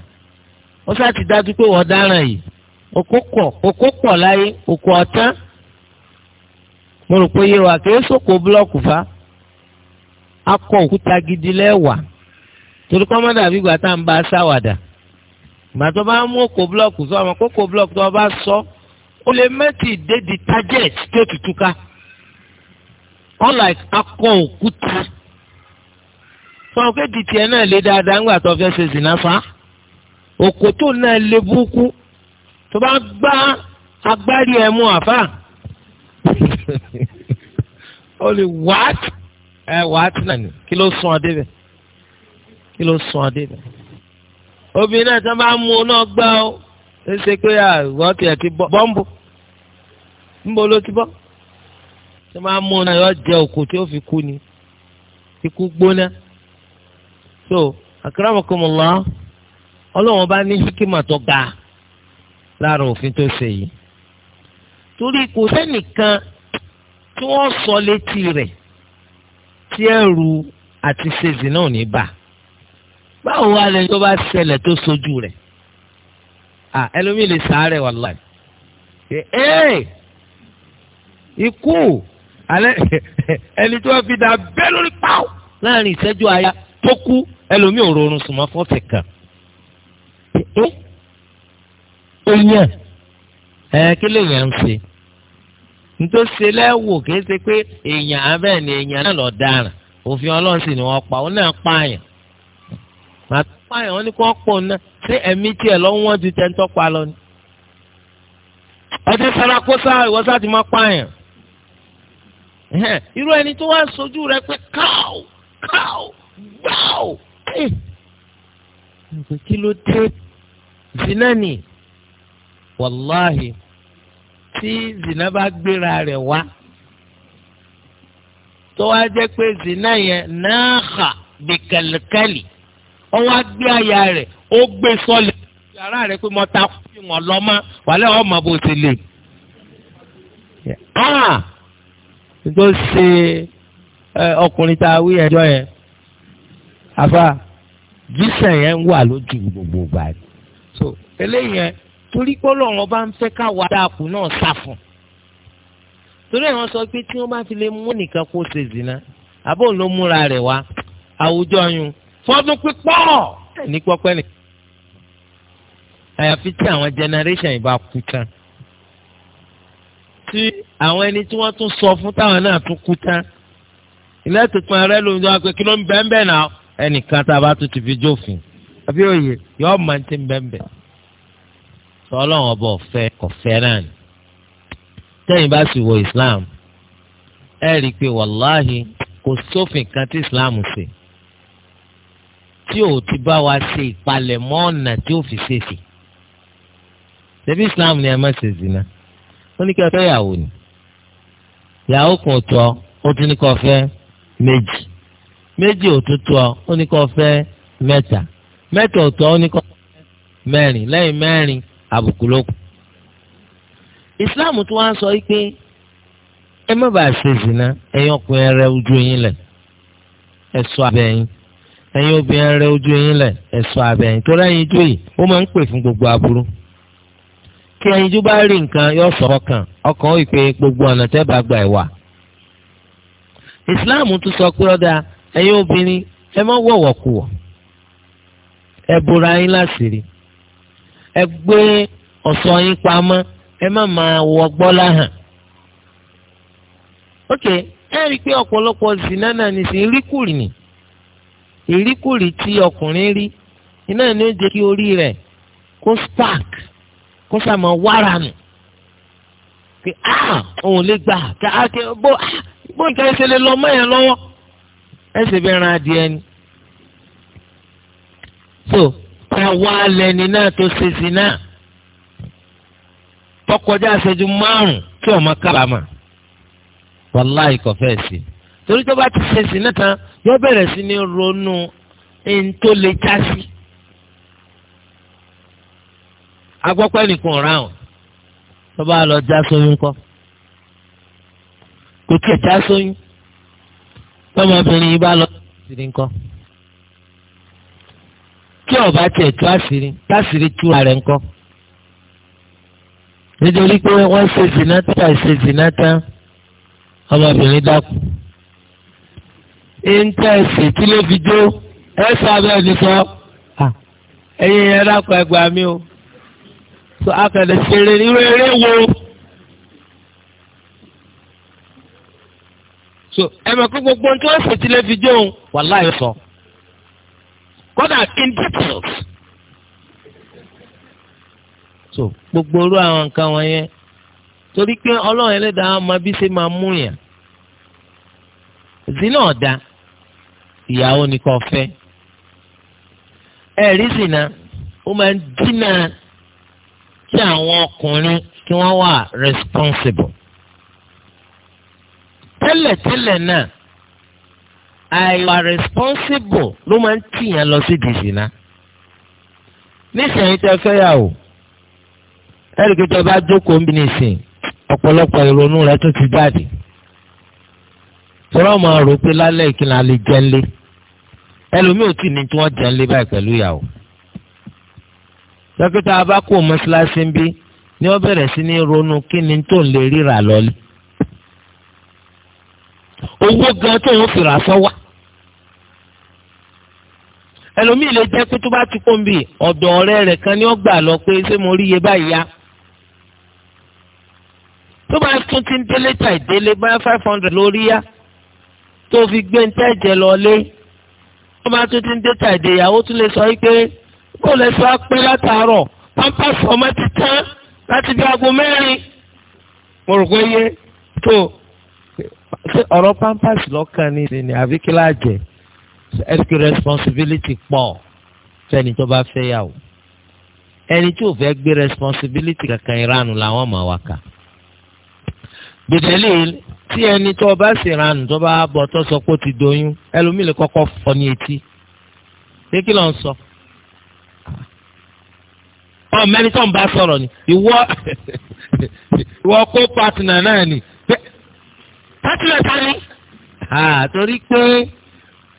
ó ti dájú pé wọ́n dáràn yìí òkú pọ̀ láyé òkú ọ̀tán mo rò pé yé wa búlọ́ọ̀kù fa akọ òkúta gidi lẹ́wà torí kọ́mọ́dà bí ìgbà tá à ń bá a sáwàdà ìgbà bá mú òkò búlọ́ọ̀kù sọ ọmọ kókò búlọ́ọ̀kù sọ ó lè mẹ́tì dédi target tó tutù unlike akọ òkúta fún ọkọ èdè tiẹ̀ náà lé dáadáa ńgbà tó fẹ́ ṣe zìnnà fa òkòtò náà lé búkú tó bá gbá agbárí ẹ̀ mú àfà ó lè wàát ẹ wàát náà ni kí ló sún adé bẹ kí ló sún adé bẹ obìnrin náà tó bá mú un náà gbá ó ṣe pé àwọn tiẹ̀ ti bọ́ǹbù ńbo ló ti bọ́ tó máa mú náà yọ jẹ òkú tí ó fi kú ni ikú gbóná so akramakumullah ọlọ́wọ́n bá ní hikima tó ga lára òfin tó ṣe yìí torí kò sẹ́nìkan tí wọ́n sọ létí rẹ̀ tí ẹ̀rù àti ṣèṣì náà ní bà báwo wá lẹ́yìn tó bá ṣẹlẹ̀ tó sojú rẹ̀ à ẹlòmíì lè sàárẹ̀ wàláì ẹ̀ ẹ́ ikú. alẹ́ ẹni tí wá fi dà lórí pàó láàrin ìṣẹ́jú àyà tó kú ẹlòmíì ò rọrùn sùnmọ́ fọ́ọ̀tì kan. èèyàn ẹ̀ kí ṣe kìí ṣe pé èèyàn ni èèyàn náà dáràn òfin wọn ni kò pọ̀ náà ṣé ẹ̀mí tiẹ̀ lọ́wọ́ wọn ju irú ẹni tó wá sojú rẹ pé káò káò gbáò kí ló dé zina ni wàláhì tí zina bá gbéra rẹ̀ wá tó wá jẹ́ pé zina yẹn náà hà bí kàlíkàlì ó wá gbé aya re ó gbé sọ́lẹ̀ yàrá rẹ̀ pé mo ta kú ìwọ̀n lọ́mọ wàlẹ́ ọmọ bó ti lè. tó ṣe ọkùnrin tá a wí ẹjọ́ yẹn àfa jíṣẹ́ yẹn ń wà lójú gbogbo gbà so eléyìí yẹn torí pọ́lọ́run ọba ń fẹ́ káwa dáàpù náà sá fún un torí àwọn sọ pé tí wọ́n bá fi lè mú nìkan kó ṣe zina àbò ló múra rẹ̀ wá àwùjọ yun fọdún pípọ̀ ní pọ́pẹ́ nìkan àyàfi tí àwọn generation yìí bá kú tán tí àwọn ẹni tí wọ́n tún sọ fún táwọn náà tún kú tán ilé tó pọn ẹrẹ lóun tó wá pé kí ló ń bẹ́ẹ̀ bẹ́ẹ̀ náà ẹnìkan tá a bá tún ti fi jófin àbí òye yọ ọmọ ní ti ń bẹ́ẹ̀ bẹ́ẹ̀ sọ ọlọ́run ọba ọ̀fẹ́ ọ̀fẹ́ náà ni tẹ́yìn bá sì wo Islam ẹ rí i pé wàláhì kò sófin kan tí Islam ṣe tí ò ti bá wa ṣe ìpalẹ̀mọ́ ọ̀nà tí ò fi ṣèṣì ṣebí Islam ni ẹ má ṣe zina. ó ní kí fẹ́ yàwó ni yàwó kan tọ́ ó tún ní kó fẹ́ méjì méjì ò tún tọ́ ó ní fẹ́ mẹ́ta mẹ́ta ò tọ́ ó ní fẹ́ mẹ́rin lẹ́yìn Islam tó wá ń sọ yìí pé ẹ má bàa ṣe zina ẹ̀yin ọkùnrin rẹ ojú yín lẹ̀ ẹ ṣọ́ abẹ́ yín ẹ̀yin obìnrin rẹ ojú yín fún gbogbo aburú. kí ẹyinjú bá rí nǹkan yóò sọ̀rọ̀ kan ọkàn ó pé gbogbo ọ̀nà tẹ́ bá gbà ẹ̀ wà. ìsìláàmù tún sọ pé ọ̀dà ẹ̀yin obìnrin ẹ má wọ̀wọ̀ kù wọ̀ ẹ bora yín láṣìírí ẹ gbé ọ̀ṣọ́ yín pamọ́ ẹ má máa wọ gbọ́lá hàn. ok ẹ rí i pé ọ̀pọ̀lọpọ̀ zina náà ní sí ìríkùrì ni ìríkùrì tí ọkùnrin rí iná ní ó jẹ́ kí orí rẹ̀ kó spark kó sàmọ wára nù pé ah òun lè gbà ká ah, ké bó ah, bó nǹkan ẹsẹ̀ lè lọ mọ́ yẹn lọ́wọ́ ẹsẹ̀ bẹ́ẹ̀ ran adìẹ ni. so ká wá lẹni náà tó ṣe sí náà tọkọjá àṣẹjú márùn tí ọmọ kábàámà wàláì kò fẹ́ sí torí tó bá ti ṣe náà tán yóò bẹ̀rẹ̀ sí ní ronú ẹni tó lè já sí agbọ́pẹ́ nìkan ráhùn tó bá lọ já sóyún kọ́ kò tí ì já sóyún tọmọbìnrin yìí bá lọ sírí ńkọ́ kí ọba tiẹ̀ tú àṣírí táṣírí tú ara rẹ̀ ńkọ́ nítorí pé wọ́n ṣe zìnnà tán ṣe zìnnà tán ọmọbìnrin dákú íńtẹ́ẹ̀sì tí lè fi jó ẹ sábẹ́ ẹni sọ ẹ̀yin ẹ̀rọ àpò ẹgbàá mi o so akẹ́lẹ̀ ṣeré irú eré wo. so ẹ mọ̀ pé gbogbo ohun tí wọ́n ṣètì lè fi jóun wàláhì sọ. kódà in details. so gbogbo orú àwọn nǹkan wọ̀nyẹn torí pé ọlọ́run ẹlẹ́dàá máa bí ṣe máa mú yàn. zina ọ̀dà ìyàwó nìkan fẹ́. ẹ̀rí zina ó máa ń dínà kí àwọn ọkùnrin kí wọ́n wà responsible. tẹ́lẹ̀tẹ́lẹ̀ náà àìwà responsible ló máa ń tìyàn lọ sí dìsínà. nísìnyí tẹ fẹ́ yà o ẹ̀ríkì tó bá jókòó ń bí nìsín ọ̀pọ̀lọpọ̀ ìrònú rẹ̀ tún ti jáde. sọ̀rọ̀ máa rò pé lálẹ́ ìkíni alẹ́ jẹ́ ẹlòmíì ò tí ì ní tí wọ́n jẹ́ báyìí pẹ̀lú ìyàwó dókítà abákò mọ́ṣáláṣí ń bí ni wọ́n bẹ̀rẹ̀ sí ní ronú kí ni tó ń lè ríra lọ́lẹ̀ owó gan tó ń fìrà sọ́wọ́ ẹlòmíì lè jẹ́ pé tó bá ti kún bí ọ̀dọ̀ ọ̀rẹ́ rẹ̀ kan ni ó gbà lọ pé ṣé mo rí iye báyìí yá tó bá tún ti ń délé ta ìdélé bá five hundred lórí yá tó fi gbé ń tẹ́jẹ̀ lọ lé tó bá tún ti ń dé ta ìdè tún lè sọ yìí kó lè sọ pé látàárọ̀ pampers ọmọ ti tán láti bí aago mẹ́rin mo rò pé yé tó ọ̀rọ̀ pampers lọ́kàn ní ìsìn ní àbíkílà jẹ ẹ̀ríkì responsibility pọ̀ fẹ́ni tó bá fẹ́ yà wò ẹni tí ò fẹ́ gbé responsibility kankan ìranù làwọn ọmọ wa kà gbèdéle tí ẹni tó bá sì ranù tó bá bọ̀ tó sọ pé ó ti doyún ẹlòmíì lè kọ́kọ́ fọ́ ní etí pé kí ló ń sọ. So? ọmọ ẹni tó ń bá sọ̀rọ̀ ni ìwọ ìwọ kó pàtìnà náà ni pàtìnà ta ni. torí pé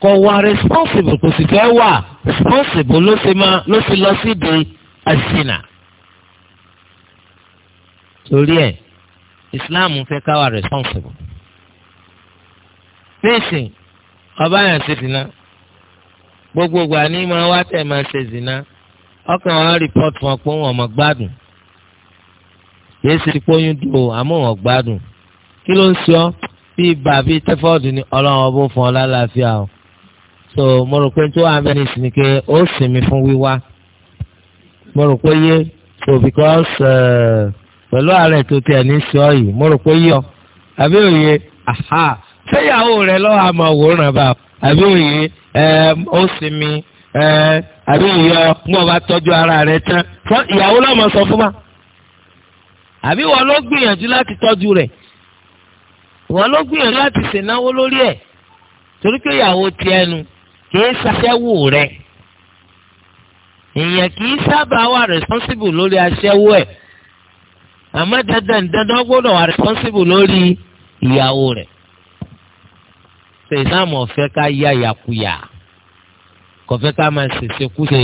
kò wà responsible kò sì fẹ́ wà responsible ló ṣe máa ló ṣe lọ sídìí àṣìnà. torí ẹ̀ Islam fẹ́ ká wà responsible. nísìn ọba yẹn ṣe dìnnà gbogbogbò àní máa wá tẹ̀ máa ṣe dìnnà ọkàn wọn rìpọ́t fún ọ pé wọn ọmọ gbádùn yéé ṣe ti pọ́yún dùn ó àmọ́ wọn gbádùn kí ló ń ṣe ọ́ bí ibà bí tẹ́fọ́ọ̀dù ni ọlọ́run ọbọ̀ fún ọ lálàáfíà o so mo rò pé tó àmì ẹni sìn ké ó sinmi fún wíwá mo rò pé yé so because eh, pẹ̀lú ààrẹ tó tiẹ̀ ní sọ yìí mo rò pé yé ọ àbí òye aha ṣé ìyàwó rẹ lọ́wọ́ àmọ̀ wòran bá àbí òye eh, ó sinmi. ẹ àbí ìyọ ní ọba tọ́jú ara rẹ tán fún ìyàwó lọ́mọ sọ fún wa àbí wọn ló gbìyànjú láti tọ́jú rẹ̀ wọn ló gbìyànjú láti ṣènáwó lórí ẹ̀ torí pé ìyàwó ti ẹnu kìí ṣàṣẹ́wò rẹ̀ èèyàn kìí sábà wà responsible lórí aṣẹ́wó ẹ̀ àmọ́ dandan dandan gbọ́dọ̀ wà responsible lórí ìyàwó rẹ̀ ṣe ìsáàmù ọ̀fẹ́ ká yá yakuya? Ya kò fẹ́ ká máa ṣèṣe kúṣe.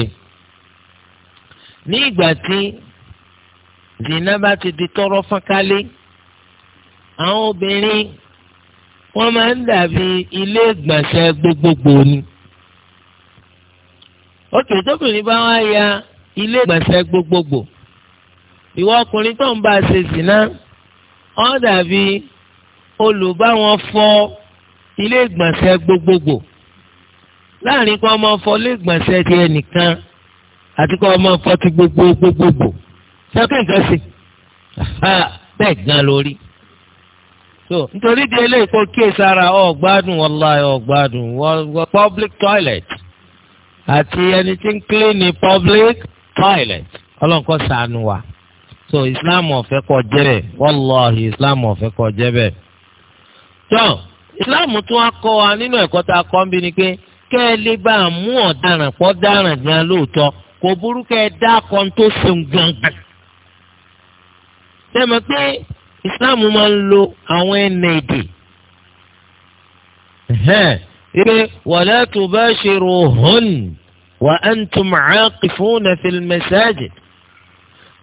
ní ìgbà tí zina bá ti di tọrọ fọ́nkálé àwọn obìnrin wọ́n máa ń dàbí ilé ìgbọ̀nsẹ̀ gbogbogbò ni. òkè tóbìnrin bá wá ya ilé ìgbọ̀nsẹ̀ gbogbogbò ìwọ ọkùnrin tó ń bá a ṣe zina wọ́n dàbí olùbáwọn fọ ilé ìgbọ̀nsẹ̀ gbogbogbò. láàrin kó ọmọ fọ lẹ́gbọ̀nsẹ̀ ti ẹnìkan àti kó ọmọ fọ ti gbogbo gbogbogbò sẹ́kẹ̀ nǹkan sí bẹ́ẹ̀ gan lórí. so nítorí di eléyìí kó ọ gbádùn wallahi ọ public toilet àti ẹni tí ń clean public toilet ọlọ́nkọ́ so islam ọ̀fẹ́ kọ jẹ́ wallahi islam ọ̀fẹ́ kọ jẹ́ bẹ́ẹ̀. islam tún wa nínú ẹ̀kọ́ ni kẹ́ ẹ lè bá a mú ọ̀daràn fọ́ dáràn gan lóòótọ́ kò burú kẹ́ ẹ dá kan tó sùn gangan. sẹ́mi pé Islam máa ń lo àwọn ẹnì èdè. tó bá ṣe ro tubashiruhun wa á ń tún kì antum aaqifuna fil masajid.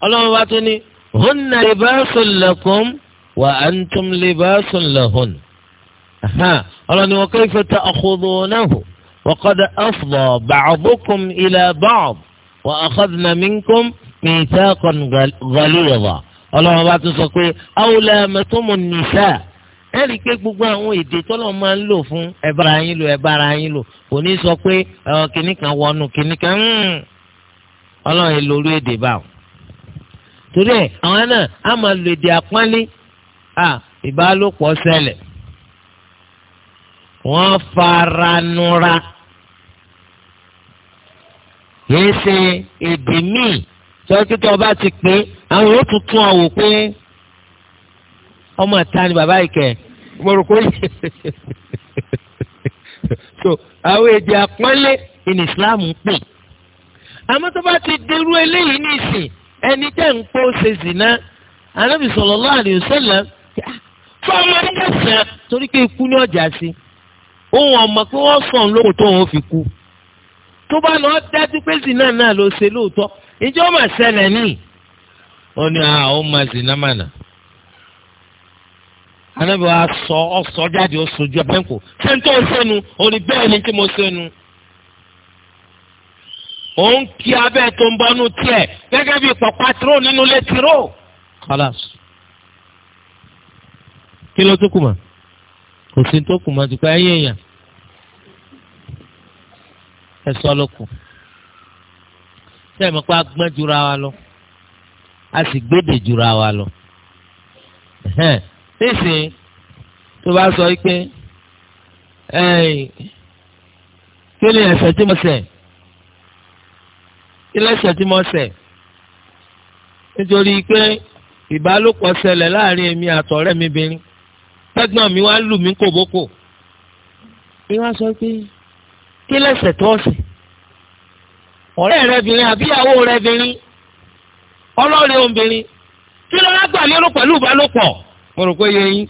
ọlọ́run bá tún ní bá sùn lakum wa á ń tún lè bá sùn lahun. ọlọ́run ni wọ́n kọ́ ìfẹ́ ta ọkọ̀ ọ̀dọ́ náà hù. وقد أفضى بعضكم إلى بعض وأخذنا منكم ميثاقا غليظا ọlọ́run bá tún sọ pé àwòlẹ̀ mẹ́tọ́mọ̀ nìṣá ẹ rí i pé gbogbo àwọn èdè tọ́lọ̀ máa ń lò fún ẹ̀bára yín lò ẹ̀bára yín lò kò ní sọ pé ẹ̀rọ kìnnì kan wọnú kìnnì kan hmm. ọlọ́run èlò èdè bá torí ẹ̀ àwọn náà á máa lo èdè àpọ́nlé ìbálòpọ̀ ṣẹlẹ̀ wọ́n faranura kìí ṣe èdè míì sọ́kítọ́ ọba ti pé àwọn yóò tún tún àwò pé ọmọ ìta ni bàbá ìkẹ́ mo rò pé so àwọn èdè àpọ́nlé ní Islam ń pè àmọ́ tó bá ti dérú eléyìí ní ìsìn ẹni tẹ́ ń pọ́ ṣe zìnà Ànábì sallallahu alaihi wasallam fún ọmọ ẹgbẹ́ sàn torí pé ikú ní ọjà sí òun ọmọ pé wọ́n sàn lóko tó òun fi kú tó bá lọ dájú pé zina náà ló ṣe lóòótọ́ ìjọ mà ṣẹlẹ̀ ní. ó ní àwọn ah, máa zina mànà anábì wa sọ ọsọ jáde ó sojú abẹ́ǹkò sẹ́ńtọ́ sẹ́nu ó ní bẹ́ẹ̀ ni tí mo sẹ́nu. ó ń kí abẹ́ tó ń bọ́nú tiẹ̀ gẹ́gẹ́ bí pọ̀ patrol nínú létí rò. kọ́lá kí ló tó kù mọ́ kò sí tó kù mọ́ tipa ayé èèyàn ẹ sọ ló kù sẹ́yìn mọ́pá gbọ́n jura wa lọ a sì gbédè jura wa lọ nísìnyí tó bá sọ pé kí ni ẹ̀ṣẹ̀ tí mo ṣẹ̀ kí ni ẹ̀ṣẹ̀ tí mo ṣẹ̀ nítorí pé ìbálòpọ̀ ṣẹlẹ̀ láàrin èmi àtọ̀rẹ́ mi bìnrin tẹ́gbọ́n mi wá lù mí kò bókò. ni wọ́n sọ pé kí lẹ́sẹ̀ tó ọ̀sẹ̀ ọ̀rẹ́ rẹ bìnrin àbíyàwó rẹ bìnrin ọlọ́ọ̀rẹ́ obìnrin kí ló wá gbà lérò pẹ̀lú ìbálòpọ̀ mo rò pé yẹ yín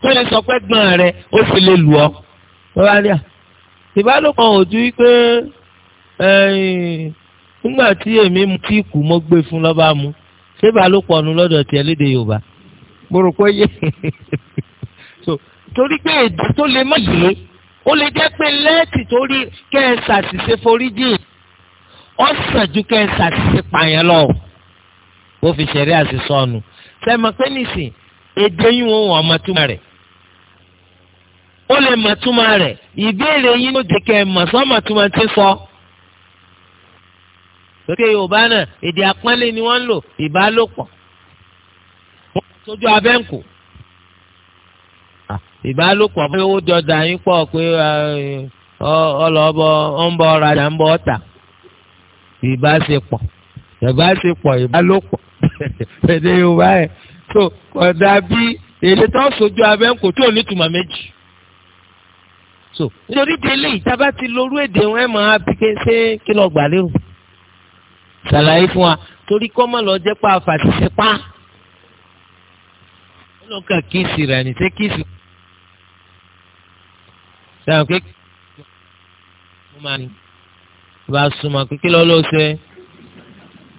tó lè sọ pé gbọ́n rẹ ó sì lè lù ọ́ ìbálòpọ̀ ò ju pé nígbà tí èmi mú tí kù mo gbé fún lọ́ba mu ṣé ìbálòpọ̀ nu lọ́dọ̀ tiẹ̀ léde Yorùbá mo rò pé yé torí pé èdè tó lè má yé ó lè jẹ́ pé lẹ́ẹ̀tì tó rí kẹ́ ẹ ṣàṣìṣe foríjì ó sàn ju kẹ́ ẹ ṣàṣìṣe pààyàn lọ bó fi ṣẹ̀rí àṣìṣọ́nu sẹ́mi pé nìsín èdè yín wọn wọn máa túmọ̀ rẹ̀ ó lè máa túmọ̀ rẹ̀ ìbéèrè yín ló dé kẹ́ ẹ mọ̀ sọ́ tí sọ. lókè yorùbá náà èdè àpọ́nlé ni wọ́n ń lò ìbálòpọ̀ sójú abẹ́ǹkù ah, ìbálòpọ̀ fún owó jọjà yín pọ̀ pé eh, ọlọ́bọ ń bọ rajà ń bọ ọ̀tà ìbáṣepọ̀ ìbáṣepọ̀ ìbálòpọ̀ èdè Yorùbá ẹ̀ tó ọ̀dà bí èdè tó sojú abẹ́ǹkù tó nítumọ̀ méjì so nítorí délé ìjábá ti lórú èdè wọn ẹ̀ máa bí ké ṣé kí lọ gbà lérò ṣàlàyé fún wa torí kọ́ lọ jẹ́ pa àfàṣìṣe pa ló kà kíìsì rẹ̀ ní ṣé kíìsì. sẹ́wọ̀n pé mo máa ní bá a súnmọ́ pé kí ló ló ṣe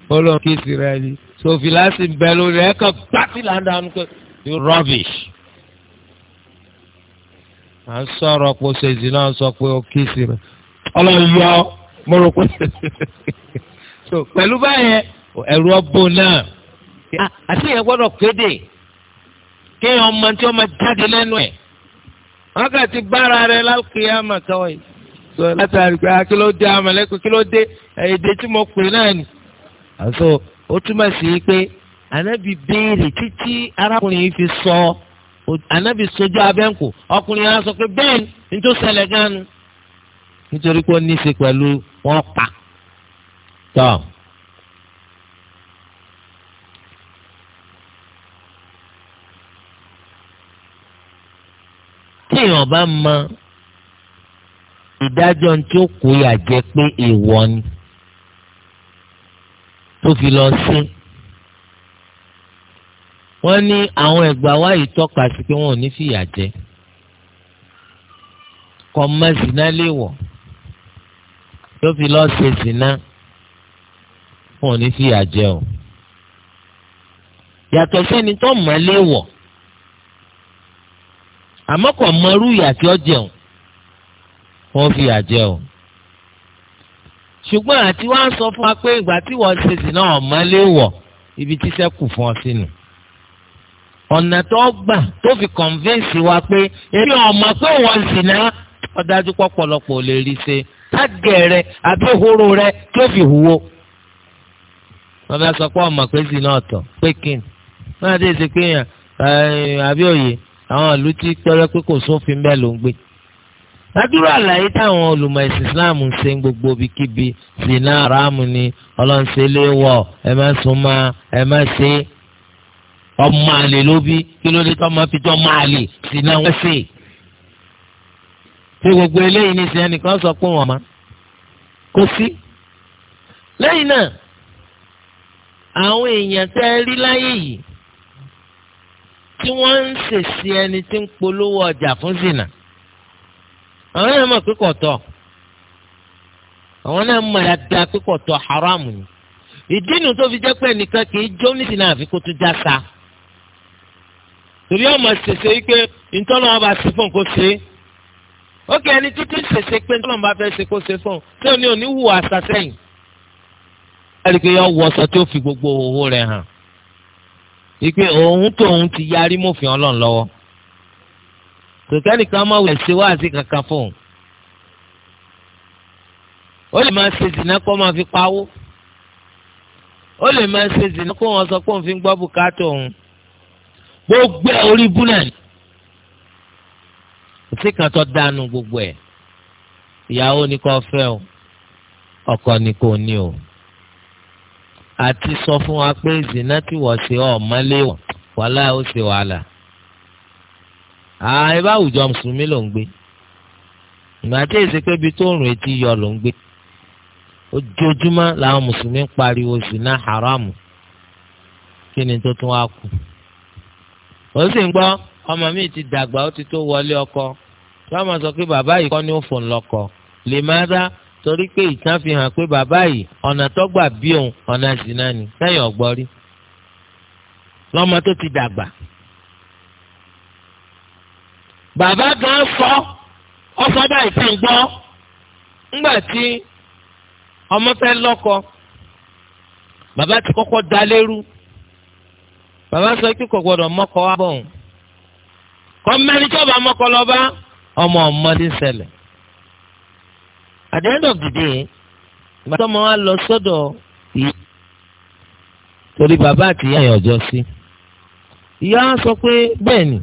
ó ló kíìsì rẹ̀ ní sòfì láti bẹ lórí ẹ̀ kàn pátí láńdà ọ̀nù pé you rubbish. à ń sọ̀rọ̀ pé oṣù èjì náà sọ pé ó kíìsì rẹ̀ ọlọ́yọ̀ mo rò pé pẹ̀lú báyẹn ẹ̀rù ọ̀bùn náà àti ìyẹn gbọ́dọ̀ kéde kéèyàn ọmọ tí ọmọ jáde lẹ́nu ẹ̀ wákàtí gbára rẹ lálùkìyàmà kọ́wé so látàrí pé ah, kí ló dé amọ̀lẹ́kùn kí ló dé èdè tí mo pè náà ni. àṣọ ó túmọ̀ sí pé ànábì béèrè títí arákùnrin yìí fi sọ ànábì sojú abẹ́ǹkù ọkùnrin yẹn sọ pé bẹ́ẹ̀ ni tó ṣẹlẹ̀ gan-an nítorí pé ó ní í ṣe pẹ̀lú wọn pa. téèyàn bá mọ ìdájọ́ ní tí ó kó yà jẹ́ pé èèwọ̀ ni tó fi lọ sí wọ́n ní àwọn ẹ̀gbà wa yìí tọ́ka sí pé wọn ò ní fìyà jẹ kọ́ mọ́ zina léwọ̀ tó fi lọ ṣe zina wọn ò ní fìyà jẹ o yàtọ̀ sẹ́ni tó mọ́ léwọ̀ àmọ́ kò mọrú ìyà tí ó jẹun wọ́n fi ìyà jẹ ṣùgbọ́n àti wá ń sọ fún wa pé ìgbà tí wọ́n ṣe sí náà ọ̀mọ́lé wọ̀ ibi tí sẹ́kù fún ọ sínú. ọ̀nà tó gbà tó fi kọ̀ǹfẹ́ǹsì wa pé èmi ọ̀mọ̀ pé wọ́n sì náà ọ̀dájú pọ̀pọ̀lọpọ̀ lè rí ṣe tágẹ̀ rẹ abéhóró rẹ tó fi hùwó. wọ́n fẹ́ sọ pé ọ̀mọ̀ pé sí náà tọ̀ pé kí ni. wọ́n á dé ṣe pé yàn àbí òye àwọn ìlú tí pẹ́rẹ́ pé kò sófin bẹ́ẹ̀ ló ń gbé. ládùúrà àlàyé táwọn olùmọ̀ ẹ̀sìn Islam ń ṣe gbogbo ibikíbi zina haramu ni ọlọ́nṣẹ́ lè wọ̀ ẹ má súnmọ́ ẹ má ṣe ọmọ àlè ló bí kí ló dé tó ọmọ fi jọ ọmọ àlè zina wọ́n ṣe. ṣé gbogbo eléyìí ní sẹ́yìn nìkan sọ pé wọ́n má kó sí. lẹ́yìn náà àwọn èèyàn tẹ́ rí láyé yìí tí wọ́n ń ṣèṣe ẹni tí ń polówó ọjà fún zina àwọn náà mọ̀ pé kò tọ́ àwọn náà mọ̀ dáadáa pé kò tọ́ haram ni ìdí nu tó fi jẹ́ pé ẹnìkan kì í jó ní zina àfi kó tún já sa torí ọmọ ṣèṣe wípé ntọ́nà ọba sí fún kó ṣe é ó kẹ́ ẹni títí ṣèṣe pé ntọ́nà ọba fẹ́ ṣe kó ṣe fún un tí ò ní òní hùwà àṣà sẹ́yìn. ẹ̀rí pé yọ wọ ọsàn tó fi gbogbo òwò rẹ̀ hàn wípé òun tóun ti yarí mòfin ọlọ́run lọ́wọ́ tòkẹ́nìkan máa wẹ̀ ṣe wáàsí kankan fóun ó lè máa ṣe zìnà kó máa fi pawó ó lè máa ṣe zìnà kó wọn sọ pé òun fi ń gbọ́ bùkátà òun gbogbo ẹ̀ orí ibú náà òsì kan tó dànù gbogbo ẹ̀ ìyàwó ni kò fẹ́ o ọkọ ni kò ní o àti sọ fún wa pé zina tí wọ́n ṣe ọ̀mọ́lé wọ̀ wàhálà ó ṣe wàhálà. àà ibà àwùjọ mùsùlùmí ló ń gbé ìgbà tí èsì pé ibi tó rùn etí yọ ló ń gbé ojoojúmọ́ làwọn mùsùlùmí ń pariwo zina haramu kí ni tó tún wá kù. ó sì ń gbọ́ ọmọ mi ti dàgbà ó ti tó wọlé ọkọ tí wọ́n máa sọ pé bàbá yìí kọ́ ni ó fò ń lọ́kọ lè má dá torí pé ìtàn fi hàn pé bàbá yìí ọ̀nà tó gbà bí òun ọ̀nà zina ni sẹ́yìn ọ̀gbọ́n rí lọ́mọ tó ti dàgbà. bàbá gan sọ ọ̀sọ́dà ìtàn gbọ́ ńgbà tí ọmọ fẹ́ lọ́kọ bàbá ti kọ́kọ́ da lérú bàbá sọ pé kò gbọdọ̀ mọ́kọ wá bọ̀ òun kọ́ mẹ́rin tí ọba mọ́kọ lọ́ba ọmọ ọmọdé ń at the end of the day ìgbà tó máa lọ sọ́dọ̀ ìyá torí bàbá àti ìyá yẹn ọjọ́ sí ìyá sọ pé bẹ́ẹ̀ ni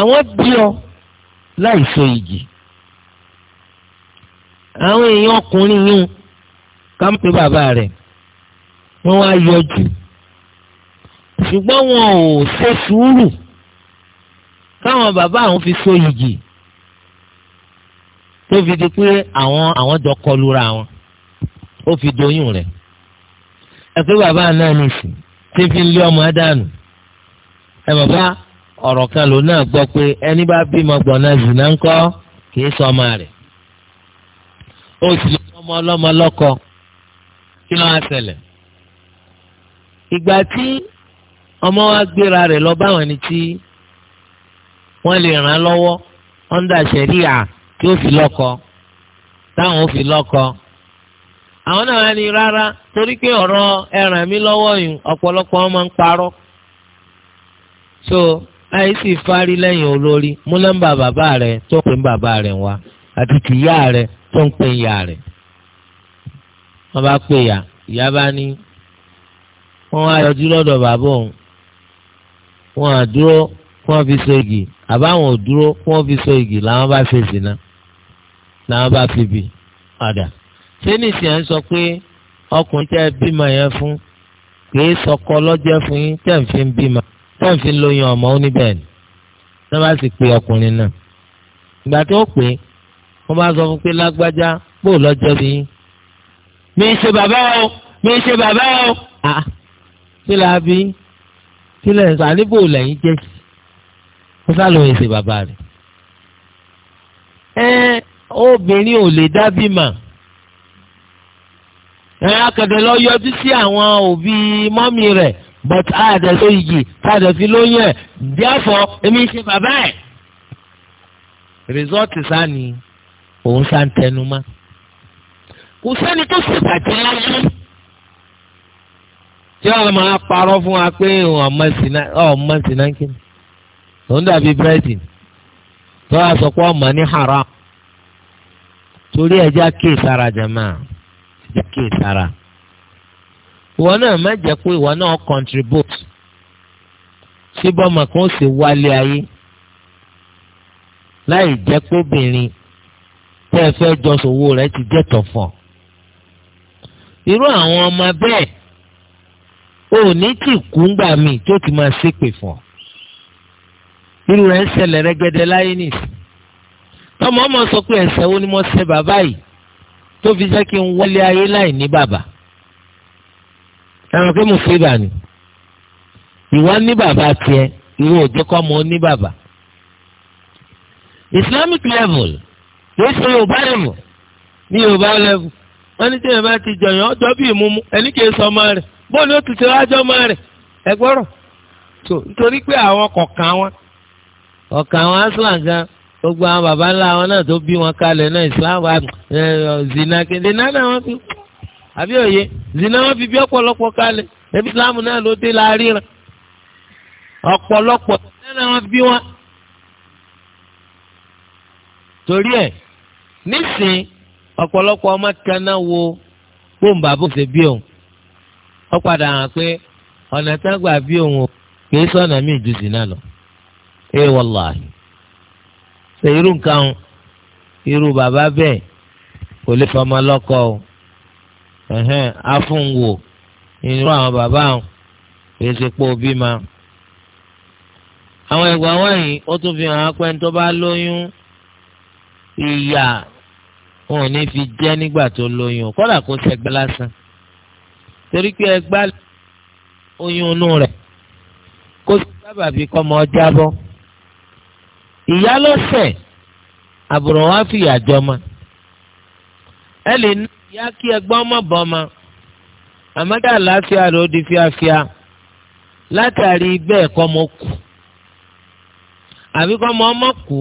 àwọn bí ọ láì so igi àwọn èèyàn ọkùnrin yún ká ń pe bàbá rẹ̀ wọ́n wá yọjú ṣùgbọ́n wọn ò ṣe sùúrù káwọn bàbá àwọn fi so igi tó fi di pé àwọn àwọn jọ kọlura wọn ó fi doyún rẹ̀ ẹ pé bàbá náà ní ìsìn tí fi ń lé ọmọ dànù ẹ bàbá ọ̀rọ̀ kan ló náà gbọ́ pé ẹni bá bímọ gbọ̀nà zìnnà ńkọ́ kìí sọ ọmọ rẹ̀ ó sì lọ ọmọ ọlọ́mọ lọ́kọ kí ló wá ìgbà tí ọmọ wa gbéra rẹ̀ lọ báwọn ẹni tí wọ́n lè ràn án lọ́wọ́ ọ́ndà ṣẹ̀ríà tí ó fi lọ́kọ táwọn ò fi lọ́kọ àwọn náà ní rárá torí pé ọ̀rọ̀ ẹ̀ràn mi lọ́wọ́ yìí ọ̀pọ̀lọpọ̀ wọn máa ń parọ́ so àìsí fárí lẹ́yìn olórí mú nọ́mbà bàbá rẹ̀ tó pè ń bàbá rẹ̀ wá àti tìyá rẹ̀ tó ń pè ń yá rẹ̀ wọ́n bá pè yá ìyá bá ní wọ́n á yọjú lọ́dọ̀ bàbá òun wọ́n á kí wọ́n fi so igi àbáwọn ò kí wọ́n fi so igi làwọn bá fèsì náà làwọn bá fi bì padà ṣé nìsín à ń sọ pé ọkùnrin tẹ́ bímọ yẹn fún kìí sọkọ lọ́jẹ́ fún yín tẹ́ ń fi ń bímọ tẹ́ ń fi ń lóyún ọmọ oníbẹ̀ ni tẹ́ bá sì pé ọkùnrin náà ìgbà tó pè é wọ́n bá sọ fún pé lágbájá pò lọ́jẹ́ fún yín mi ṣe bàbá o mi ṣe bàbá o ah kí la bí kí lẹ̀ ń sọ àníbò lẹ́yìn jẹ́ sí ó sá lóun ṣe bàbá rẹ̀ obìnrin ò lè dábì mà ẹ akẹ̀dẹ̀ lọ yọjú sí àwọn òbí mọ́mì rẹ but àdẹ̀ tó yìí tàdẹ̀ fi lóyún ẹ̀ díàfọ̀ èmi ṣe bàbá ẹ̀ rìsọ́ọ̀tì sáni òun sá ń tẹnumá kò sẹ́ni tó sì bàjẹ́ láyé tí wọ́n máa parọ́ fún wa pé ọmọ sinankí òun dàbí bírèdì tó wàá sọ pé ọmọ ní haram torí ẹja kéè sára jama ẹja kéè sára ìwọ náà má jẹ́ pé ìwọ náà contribute sí bọ́mọ kan ó sì wálé ayé láì jẹ́ pé obìnrin tẹ́ ẹ fẹ́ jọ sòwò rẹ̀ ti jẹ́ tọ̀fọ̀ irú àwọn ọmọ bẹ́ẹ̀ ò ní tì kú ńgbà míì tó ti máa ṣépè fọ̀ irú rẹ̀ ń ṣẹlẹ̀ rẹ́gẹ́dẹ́ láyé nìsí tọmọ ọmọ sọ pé ẹ̀ṣẹ̀ wo ni mo ṣẹ̀ bàbá yìí tó fi jẹ́ kí n wọlé ayé láì ní bàbá ẹran pé mo fi bà ní ìwọ ní bàbá tiẹ̀ ìwọ ò jẹ́ kọ́ mọ ní bàbá Islamic level ló ṣe Yorùbá level ní Yorùbá level wọ́n ní tí yorùbá ti jọyàn ọjọ́ bíi ìmúmu ẹni kì sọ ọmọ rẹ̀ bóun ni ó ti ṣe wájọ́ ọmọ rẹ̀ ẹ gbọ́rọ̀ tó nítorí pé àwọn kọ̀ọ̀kan wọn ọ̀kan wọn aslan gan gbogbo àwọn baba ńlá wọn náà tó bí wọn kalẹ̀ náà islam zina zina náà wọn fi àbí òye zina wọn fi bí ọ̀pọ̀lọpọ̀ kalẹ̀ ẹbí islam náà ló dé la ríran ọ̀pọ̀lọpọ̀ náà wọn bí wọn. torí ẹ̀ nísìn ọ̀pọ̀lọpọ̀ ọmọ kaná wo bóńbà bó ṣe bí òun ó padà hàn pé ọ̀nà tá gbà bí òun kì í sọ̀nà míì ju zina lọ. ẹ wàláhì ṣe irú nǹkan irú bàbá bẹ́ẹ̀ kò lè fọmọ lọ́kọ o ẹ̀hẹ́n afúnwò irú àwọn bàbá àwọn kì í ṣe pé òbí ma. àwọn ìgbà wọ̀nyí ó tún fi hàn pé tó bá lóyún ìyà wọn ò ní fi jẹ́ nígbà tó lóyún kódà kó ṣẹgbẹ́ lásán torí pé ẹgbàá oyún inú rẹ̀ kó sábàbí kọ́ ọmọ jábọ́ ìyá lọ́sẹ̀ àbùrò wa fìyà jọmọ ẹ lè ní ìyá kí ẹgbọ́n mọ̀ bọ́ ọmọ àmọ́ kí àlàáfíà rẹ̀ ó di fíafíà látàrí bẹ́ẹ̀ kọ́ mọ kù àbí kọ́ mọ ọmọ kù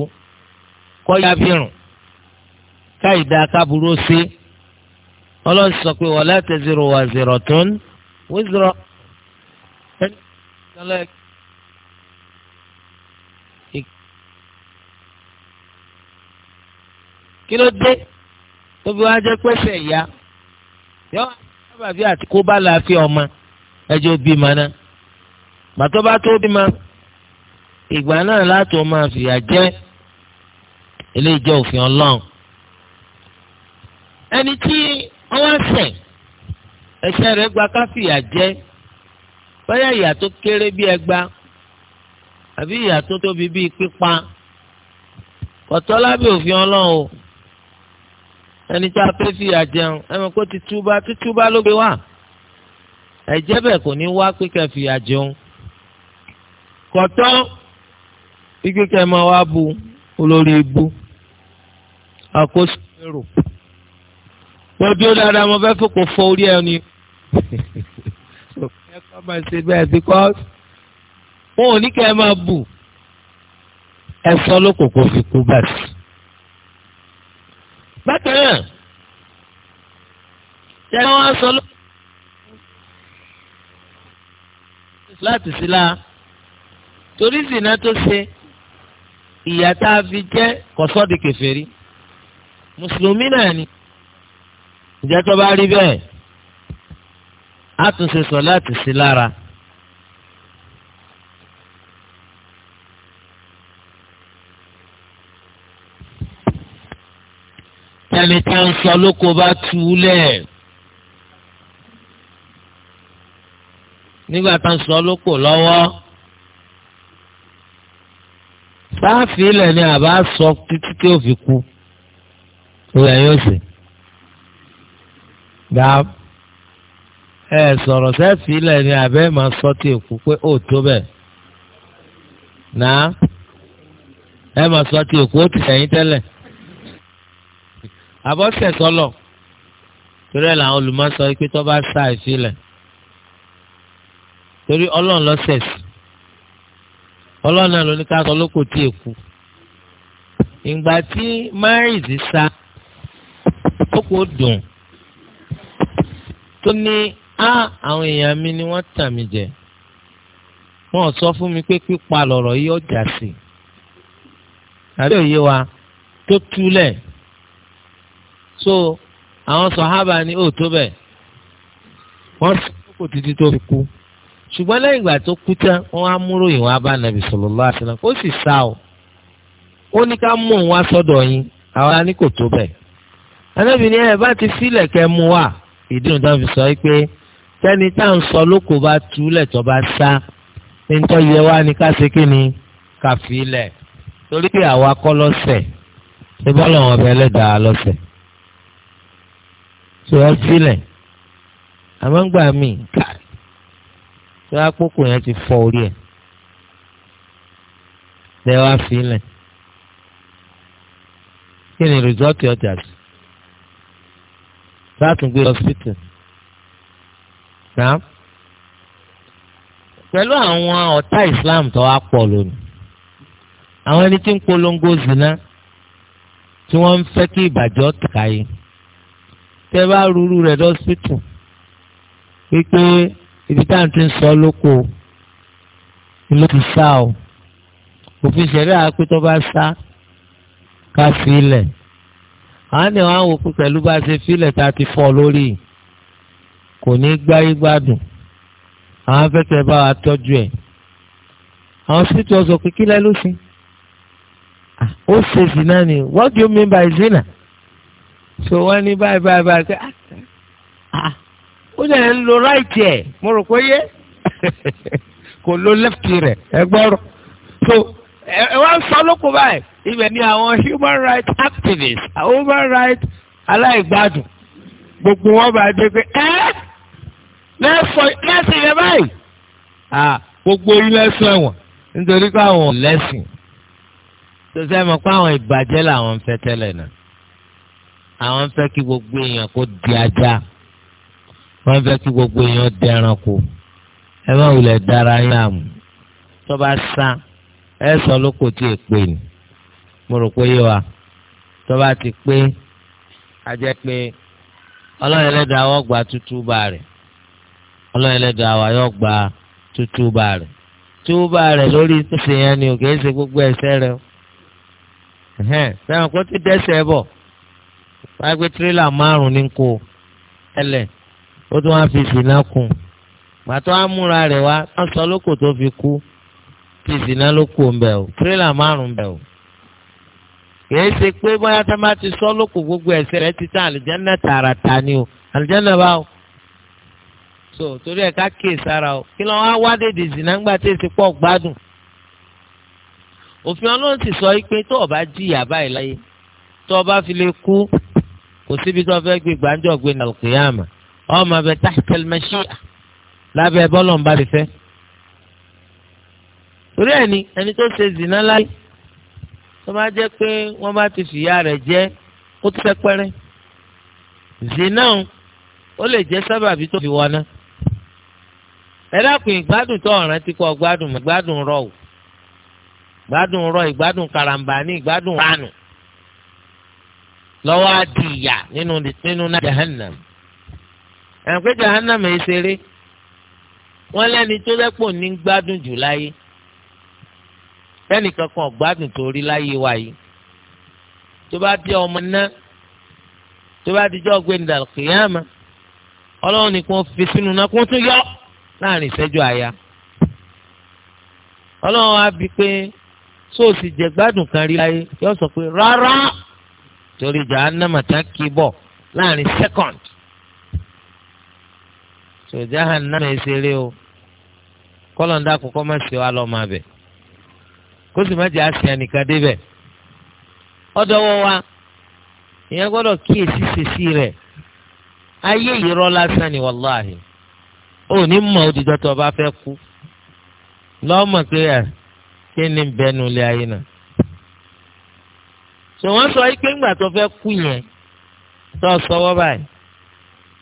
kọ́ ya fírùn káyìdá kábúrò sí ọlọ́run sọ pé wala taziru waziratun wizra. kí ló dé tóbi wá jẹ́ pẹ́sẹ̀ ìyá yọ bàbí àti kó bá láàfin ọmọ ẹjọ́ bímọ mana. bàtọ́ bá tó bímọ ìgbà náà láti ọmọ àfìyà jẹ́ eléyìí jẹ́ òfin ọlọ́run ẹni tí wọ́n wá ṣẹ̀ ẹ̀ṣẹ̀ rẹ̀ gba káfìyà jẹ́ báyà ìyà tó kéré bí ẹgba àbí ìyà tó tóbi bíi pípa kọ̀tọ́ lábẹ́ òfin ọlọ́run o ẹni tí a fẹ́ fi àjẹun ẹ̀mọ̀ kó ti túbá tí túbá ló gbé wá ẹ̀jẹ̀ bẹ̀ kò ní wá pé kẹ́ fi àjẹun kọ̀tọ́ ike kẹ́ máa wá bu olórí ibu àkóso èrò mo dúró dáadáa mo fẹ́ fòkò fọ orí ẹ ni ẹ kọ́ máa ṣe bẹ́ẹ̀ because wọn ò ní kẹ́ ẹ máa bù ẹ sọ lókòkò fi kú bẹ́ẹ̀ bákan náà tẹ́lẹ̀ wọ́n sọ lọ́wọ́ láti sílá torí zina tó ṣe ìyà tá a fi jẹ́ kọ́sọ́ọ̀dì kèfèrí mùsùlùmí náà ni ìjẹ́ bá rí bẹ́ẹ̀ á tún ṣe sọ láti sí lára. tẹni tí ń sọ lóko bá tu ú lẹ̀. nígbà tá à ń sọ lóko lọ́wọ́ sáàfì ilẹ̀ ni àbá sọ títí tí ó fi kú ilẹ̀ yóò sè. dá ẹ sọ̀rọ̀ sáàfì ilẹ̀ ni àbẹ́ máa sọ tí èkú pé ó tó bẹ́ẹ̀ náà ẹ máa sọ tí èkú ó ti sẹ́yìn tẹ́lẹ̀ àbọ̀sẹ̀ sọlọ torí ẹ̀ làwọn olùmọ̀sọ pé tó bá sá ìfilẹ̀ torí ọlọ́run lọ́sẹ̀ sí ọlọ́run náà ló ní ká sọ lóko tí èkú ìgbà tí maris sá ó kò dùn tó ní á àwọn èèyàn mi ni wọ́n tàn mí jẹ wọ́n sọ fún mi pé pípa lọ̀rọ̀ yìí ọjà sí àbí òye wa tó túlẹ̀ so àwọn sọ̀hábà ni ó tó bẹ̀ wọ́n sọ kò títí tó fi kú ṣùgbọ́n lẹ́yìn ìgbà tó kú tán wọ́n á múrò yìí wọ́n á bá nàbì sallallahu alaihi wasallam ó sì sá o ó ní ká mú òun wá sọ́dọ̀ yín àwọn ni kò tó bẹ̀ anábì ni ẹ bá ti sílẹ̀ kẹ́ mú wá ìdí òun tán fi sọ pé tẹ́ni tá à ń sọ lóko bá túlẹ̀ tó bá sá nítorí yẹ wá ní ká ṣe kí ni ká fi ilẹ̀ torí pé àwa kọ́ lọ́sẹ̀ ṣé bọ́lá wọn bẹ ẹlẹ́dàá lọ́sẹ̀ sọ ẹ sílẹ̀ àmọ́ ń gbà mí kárí sọ àpòkò yẹn ti fọ orí ẹ̀ lẹ́ wá sílẹ̀ kí ni rìsọ́ọ̀tì ọjà sí sátúngbé hospital náà pẹ̀lú àwọn ọ̀tá Islam tó wá pọ̀ lónìí àwọn ẹni tí ń polongo zina tí wọ́n ń fẹ́ kí ìbàjọ́ tàkàyè tẹ́ bá rúurú rẹ̀ lọ́sítù wípé ibi táwọn ti ń sọ lóko ni ló ti sá o òfin ṣẹ̀rí àpétọ́ bá sá ká sílẹ̀ àwọn ni wọn á wò pẹ̀lú bá ṣe fílẹ̀ tá a ti fọ́ lórí kò ní gbáyé gbádùn àwọn afẹ́fẹ́ bá wa tọ́jú ẹ̀ àwọn sítú kékeré ló sìn ah, ó ṣe zina ni what do you mean by zina? so wọ́n ní báyìí báyìí báyìí ṣe ah, ah ó dẹ̀ ń lo right ẹ̀ mo rò pé yé kò lo left rẹ̀ ẹ gbọ́rọ̀ so ẹ wá ń sọ lóko báyìí ibẹ̀ ni àwọn human rights activists human rights aláìgbádùn gbogbo wọn bá dé pé ẹ lẹ́sìn yẹn báyìí gbogbo yín lẹ́sìn ẹ̀wọ̀n nítorí pé àwọn lẹ́sìn tó sẹ́ mọ̀ pé àwọn ìbàjẹ́ làwọn ń fẹ́ tẹ́lẹ̀ náà àwọn fẹ́ kí gbogbo èèyàn kó di ajá wọ́n fẹ́ kí gbogbo èèyàn di ẹranko ẹ má wulẹ̀ dára yín àmú tó bá sàn ẹ sọ lóko tí ì pè ní mo rò pé yé wa tó bá ti pé a jẹ́ pé ọlọ́run ẹlẹ́dàá wọ́n gba tútúbà rẹ̀ ọlọ́run ẹlẹ́dàá wa yóò gba tútúbà rẹ̀ túbà rẹ̀ lórí ìtúsìn yẹn ni ò kìí ṣe gbogbo ẹ̀ṣẹ̀ rẹ̀ o sẹ́wọ̀n kó ti dẹ́ṣẹ̀ bọ̀ wọ́n á gbé tírélà márùn-ún ní kó ẹlẹ̀ ó tún wá fi ìsìnà kùn pàtó amúra rẹ̀ wá wọ́n sọ lóko tó fi kú ti ìsìnà lóko ń bẹ̀ o tírélà márùn-ún bẹ̀ o kìí ṣe pé bóyá tá a máa ti sọ lóko gbogbo ẹ̀ṣẹ̀ rẹ̀ ti tán àlùjáná tààràtà ni o àlùjáná bá o so torí ẹ̀ ká kíyè sára o kí ló wá wá dèdè ìsìnà tí èsì pọ̀ gbádùn òfin ọlọ́run ti sọ pé tó o bá jìyà báyìí láyé kò síbi tó fẹ́ gbé gbàǹjọ́ gbé nàlùkìyàmà ọmọ abẹ táìkẹ́lì mẹ́ṣíà lábẹ́ bọ́lọ̀ ń bá ti fẹ́. torí ẹni ẹni tó ṣe zìnà láyé tó bá jẹ́ pé wọ́n bá ti fìyà rẹ̀ jẹ́ kó tó fẹ́ pẹ́rẹ́. zìnà ó lè jẹ́ sábàbí tó fi wọná. ẹ dákun ìgbádùn tó ọ̀ràn ti kọ́ gbádùn mọ́ gbádùn rọ̀ o rọ̀ ìgbádùn karambani ìgbádùn ránù lọ́wọ́ á di ìyà nínú nínú náà jahannam ẹ̀ pé jahannam ẹ̀ ṣeré wọ́n lẹ́ni tó lẹ́pọ̀ ní gbádùn jù láyé ẹnìkan kan gbádùn tó rí láyé wa yìí tó bá di ọmọ náà tó bá di jọ́ gbé nígbà kìyàmà ọlọ́run nìkan fi sínú náà kó tún yọ láàrin ìṣẹ́jú àyà ọlọ́run á bi pé sóòsì jẹ gbádùn kan rí láyé yóò sọ pé rárá. torí jahannama tá kì í bọ̀ láàrin second so jahannama ṣeré o kọ́lọ́ndà kọ́kọ́ má ṣe wa lọ́ọ́ máa bẹ̀ kó sì má jẹ́ àṣìyàn nìkan débẹ̀ ọ̀dọ́wọ́ wa ìyẹn gbọ́dọ̀ kíyèsí ṣèṣì ni wàláhì ó ní mọ̀ òdìjọ́ tó o bá fẹ́ kú lọ́ọ́ mọ̀ pé kí ni bẹ́ẹ̀ sọ wọ́n sọ pé ńgbà tó fẹ́ kú yẹn tó sọwọ́ báyìí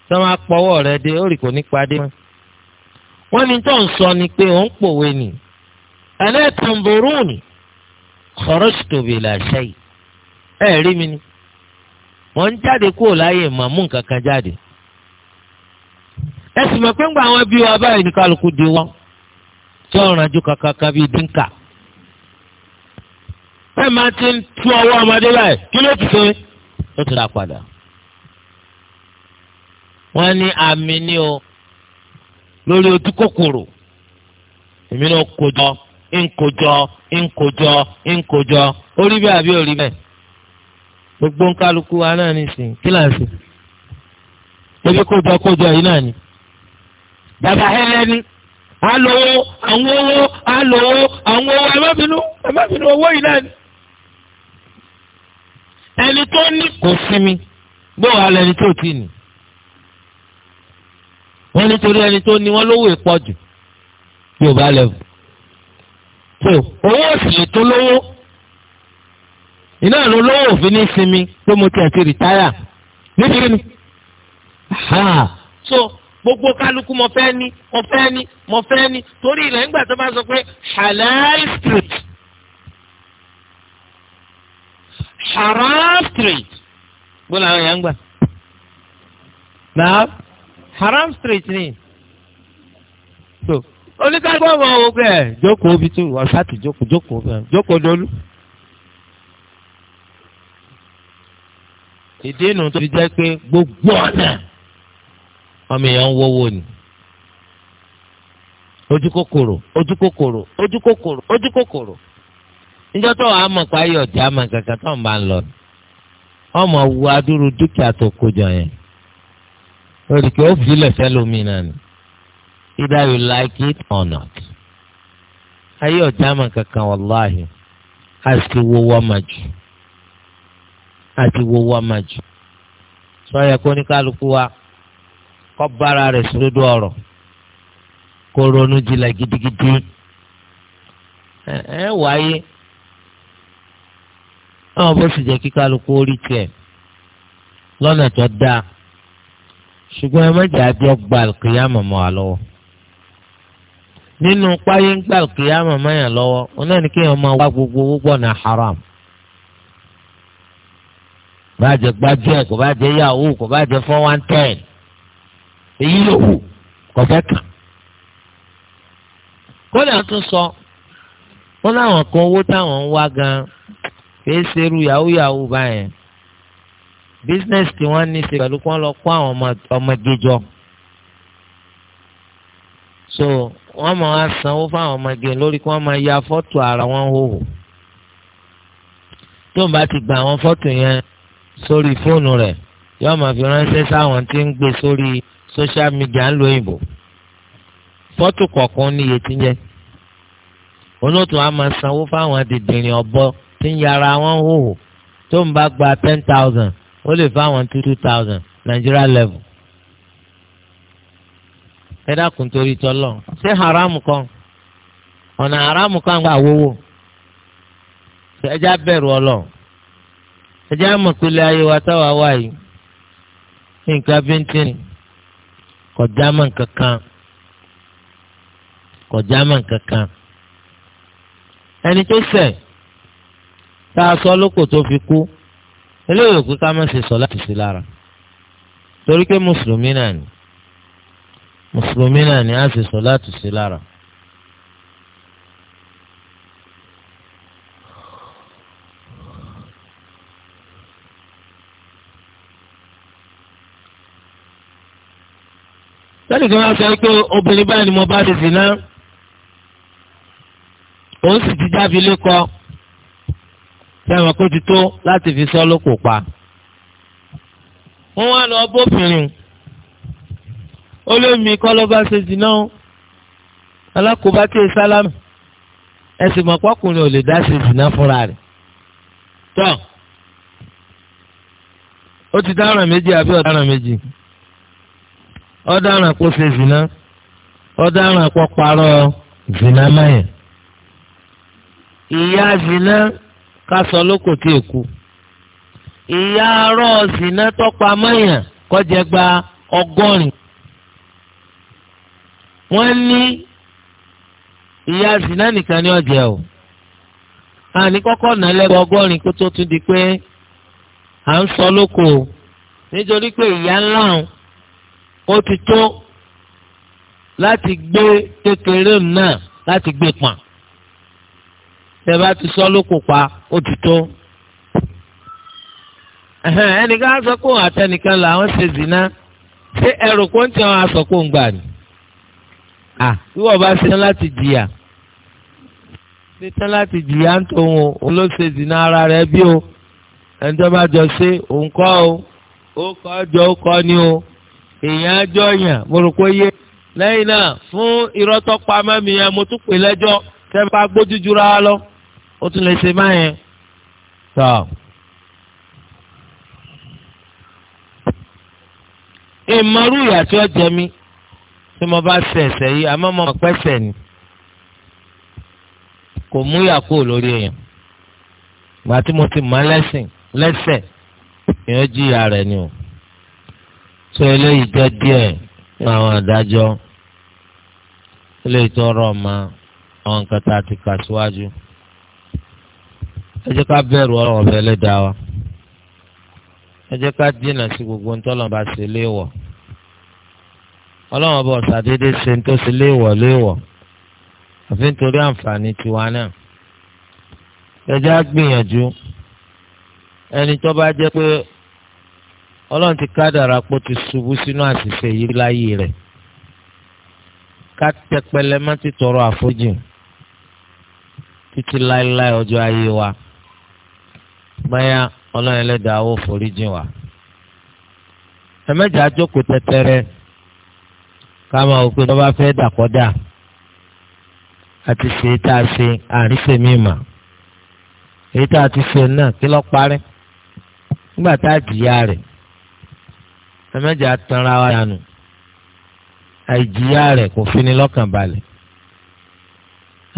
tó máa pọ̀wọ́ rẹ dé ó rì kò ní padé mọ́. wọ́n ní tó ń sọ ni pé òun pòwe nì ẹlẹ́tàǹbòrúnì kharajtu bila shay ẹ̀ rí mi ni wọ́n ń jáde kúrò láyé màmú nǹkan kan jáde ẹ sì mọ̀ pé ńgbà àwọn ẹbí wa báyìí ní kálukú di wọ́n tí ọ̀ràn ju kàkàkà bíi dínkà tẹ́ máa ti ń tú ọwọ́ ọmọdé báyìí kí ló ti ṣe ló ti ra padà. wọ́n ní àmì ni o lórí ojú kòkòrò èmi náà kojọ nkojọ nkojọ nkojọ orí bẹ́ẹ̀ àbí orí bẹ́ẹ̀ gbogbo nkálukú wa náà nìsín kí là ń sè ebi kojọ kojọ yìí náà ni bàbá hẹlẹ́ni alówó àwọn owó alówó àwọn owó ẹ má bínú ẹ má bínú owó yìí náà ni ẹni tó ní kò sinmi gbóhùn alẹ́ ẹni tó ti nì wọ́n nítorí ẹni tó ní wọ́n lówó ìpọ̀ jù yóò bá lẹ́wù so owó òsìlè tó lówó iná ló lówó òfin ní sinmi pé mo tiẹ̀ ti rìtáyà nítorí ni so gbogbo kálukú mo fẹ́ ní mo fẹ́ ní mo fẹ́ ní torí ilẹ̀ ńgbà tó bá sọ pé halal street. haram street bó làwọn èèyàn ń gbà náà haram street ni so oníkàgbọ́ ọmọ ogun ẹ̀ jókòó bí tú ọ̀sátì jókòó jókòó bẹ́ẹ̀ jókòó dolú. ìdí inú tó fi jẹ́ pé gbogbo ọ̀nà ọmọ èèyàn ń wọ́wọ́ ni ojú kòkòrò ojú kòkòrò ojú kòkòrò ojú kòkòrò níjọ́ tó wàá mọ̀ pé ayé ọ̀jà máa kankan tó ń bá ń lọ ọmọ wu adúrú dúkìá tó kójọ yẹn olùkẹ́ ó fi lẹ̀fẹ́ lómi náà ni either you like it or not ayé ọ̀jà máa kankan wàláhì àti wo wọ́n máa jù àti wo wọ́n máa jù sọ yẹ kó ní kálukú wa kọ́ bára rẹ̀ sódò ọ̀rọ̀ kó ronú jinlẹ̀ gidigidi ẹ wáyé àwọn bó sì jẹ́ kí kálukú orí tiẹ̀ lọ́nà tó dáa ẹ gba àlùkìyà mọ̀mọ́ wa lọ́wọ́ nínú páyé ń gba àlùkìyà mọmọ yẹn lọwọ máa wá gbogbo owó gbọ́ náà haram yahoo kò bá four one ten èyí ló wù kò fẹ́ kàn kan owó táwọn ń wá kìí ṣerú yahoo yahoo báyẹn business tí wọ́n ní ṣe pẹ̀lú kí lọ kó àwọn ọmọge jọ so wọ́n máa wá sanwó fáwọn ọmọge lórí kí wọ́n máa ya fọ́tò ara wọn hòhò tó ń bá ti gba àwọn fọ́tò yẹn sórí fóònù rẹ̀ yóò máa fi ránṣẹ́ sáwọn tí ń gbé sórí social media ń lo òyìnbó fọ́tò kọ̀ọ̀kan ní iye tí ń jẹ́ onótùú á máa sanwó fáwọn dìndìnrín ọ̀bọ tí ń yàrá wọn hòhò tó ń bá gba ten thousand ó lè fáwọn two two thousand Nigeria level ẹ dákun torí tọlọ ṣé haram kan ọ̀nà haram kan gba àwòwò ẹja bẹ̀rù ọlọ ẹja mọ̀pẹ́lẹ́ ayé wa táwa wà yìí nǹkan bíntín kọjá mọ̀ kankan kọjá mọ̀ kankan ẹni tó tá a sọ lóko tó fi kú eléyìí òkú ká má ṣe sọ láti sí lára torí pé mùsùlùmí náà ni mùsùlùmí náà ni a ṣe sọ láti sí lára. sẹ́ni kan máa sọ pé obìnrin báyìí ni mo bá ti dì náà òun sì ti jábí lé kọ́ sẹ́wọ̀n kó ti tó láti fi sọ́ lóko pa. wọ́n wá lọ bófinrin olómi kọ́lọ́ba ṣe jìnnà alákòóbá tí ì sálámù ẹ̀sìn mọ̀pákùnrin ò lè dá ṣe jìnnà fúnra rẹ̀. tọ́ ó ti dáràn méjì àbí ọ̀daràn méjì ọ̀daràn kó ṣe jìnnà ọ̀daràn kó parọ́ jìnnà mẹ́yìn. ìyá jìnnà kásọ lóko tí èkú ìyá arọ́ zina tọ́pa mọ́yàn kọjá gba ọgọ́rin wọ́n ní ìyá zina nìkan ní ọ̀jẹ̀ o àní kọ́kọ́ nà lẹ́gbẹ̀ẹ́ ọgọ́rin kó tó tún di pé à ń sọ lóko o nítorí pé ìyá ńlá ó ti tó láti gbé kékeré náà láti gbé pọ̀n tẹ bá ti sọ lókun pa ó ti tó. ẹnìkan sọ pé òun àtẹnìkan làwọn ṣe zina ṣé ẹrù kó ń tẹ wọn aṣọ kó ń gbà ni. wíwọ̀ bá ṣe tán láti jìyà ṣe tán láti jìyà ń tó wọn òun ló ṣe zina ara rẹ̀ bí o ẹni jọ ṣe òun kọ́ o ó kọ́ jọ ó kọ́ ni o èèyàn àjọ yàn mo rò pé yé lẹ́yìn náà fún irọ́ tó pa mẹ́mi yẹn mo tún pè lẹ́jọ́ sẹ́mi gbójújú ra lọ ó tún lè ṣe báyẹn tọ. ìmọ̀rú ìyà tí ó jẹ mí tí mo bá ṣe ẹ̀ṣẹ̀ yìí àmọ́ mo mọ̀ pẹ́sẹ̀ ni kò mú ìyà kúrò lórí èèyàn gbà tí mo ti mọ̀ lẹ́sìn lẹ́sẹ̀ èèyàn jìyà rẹ̀ ni o tó eléyìí jẹ́ díẹ̀ nínú àwọn àdájọ́ eléyìí tó rọ̀ mọ́ àwọn nǹkan tá a ti kà síwájú ẹ jẹ́ ká bẹ̀rù ọ̀rọ̀ ọ̀bẹ ẹlẹ́dàá wa ẹ jẹ́ ká dínà sí gbogbo ntọ́lọ́mọba ṣe léèwọ̀ ọlọ́wọ́n bọ̀ ṣàdédé ṣe tó ṣe léèwọ̀ léèwọ̀ àfi nítorí àǹfààní tiwa náà ẹ jẹ́ á gbìyànjú ẹni tó bá jẹ́ pé ọlọ́run ti kádàrá pé ó ti ṣubú sínú àṣìṣe yìí láyé rẹ̀ ká tẹpẹlẹ má tọrọ àforíjì títí láéláé ọjọ́ ayé wa báyà ọlọ́run ẹlẹ́dàá ó forí jìn wá. ẹ mẹ́jà jókòó tẹ́tẹ́rẹ́ ká máa wò pé tó bá fẹ́ dàkọ́dà àti ṣe é tá a ṣe àárín sèmi mà èyí tá a ti ṣe náà kí lọ́ọ́ parí nígbà tá a jìyà rẹ̀ ẹ tanra wa dànù àìjìyà rẹ̀ kò fi ni lọ́kàn balẹ̀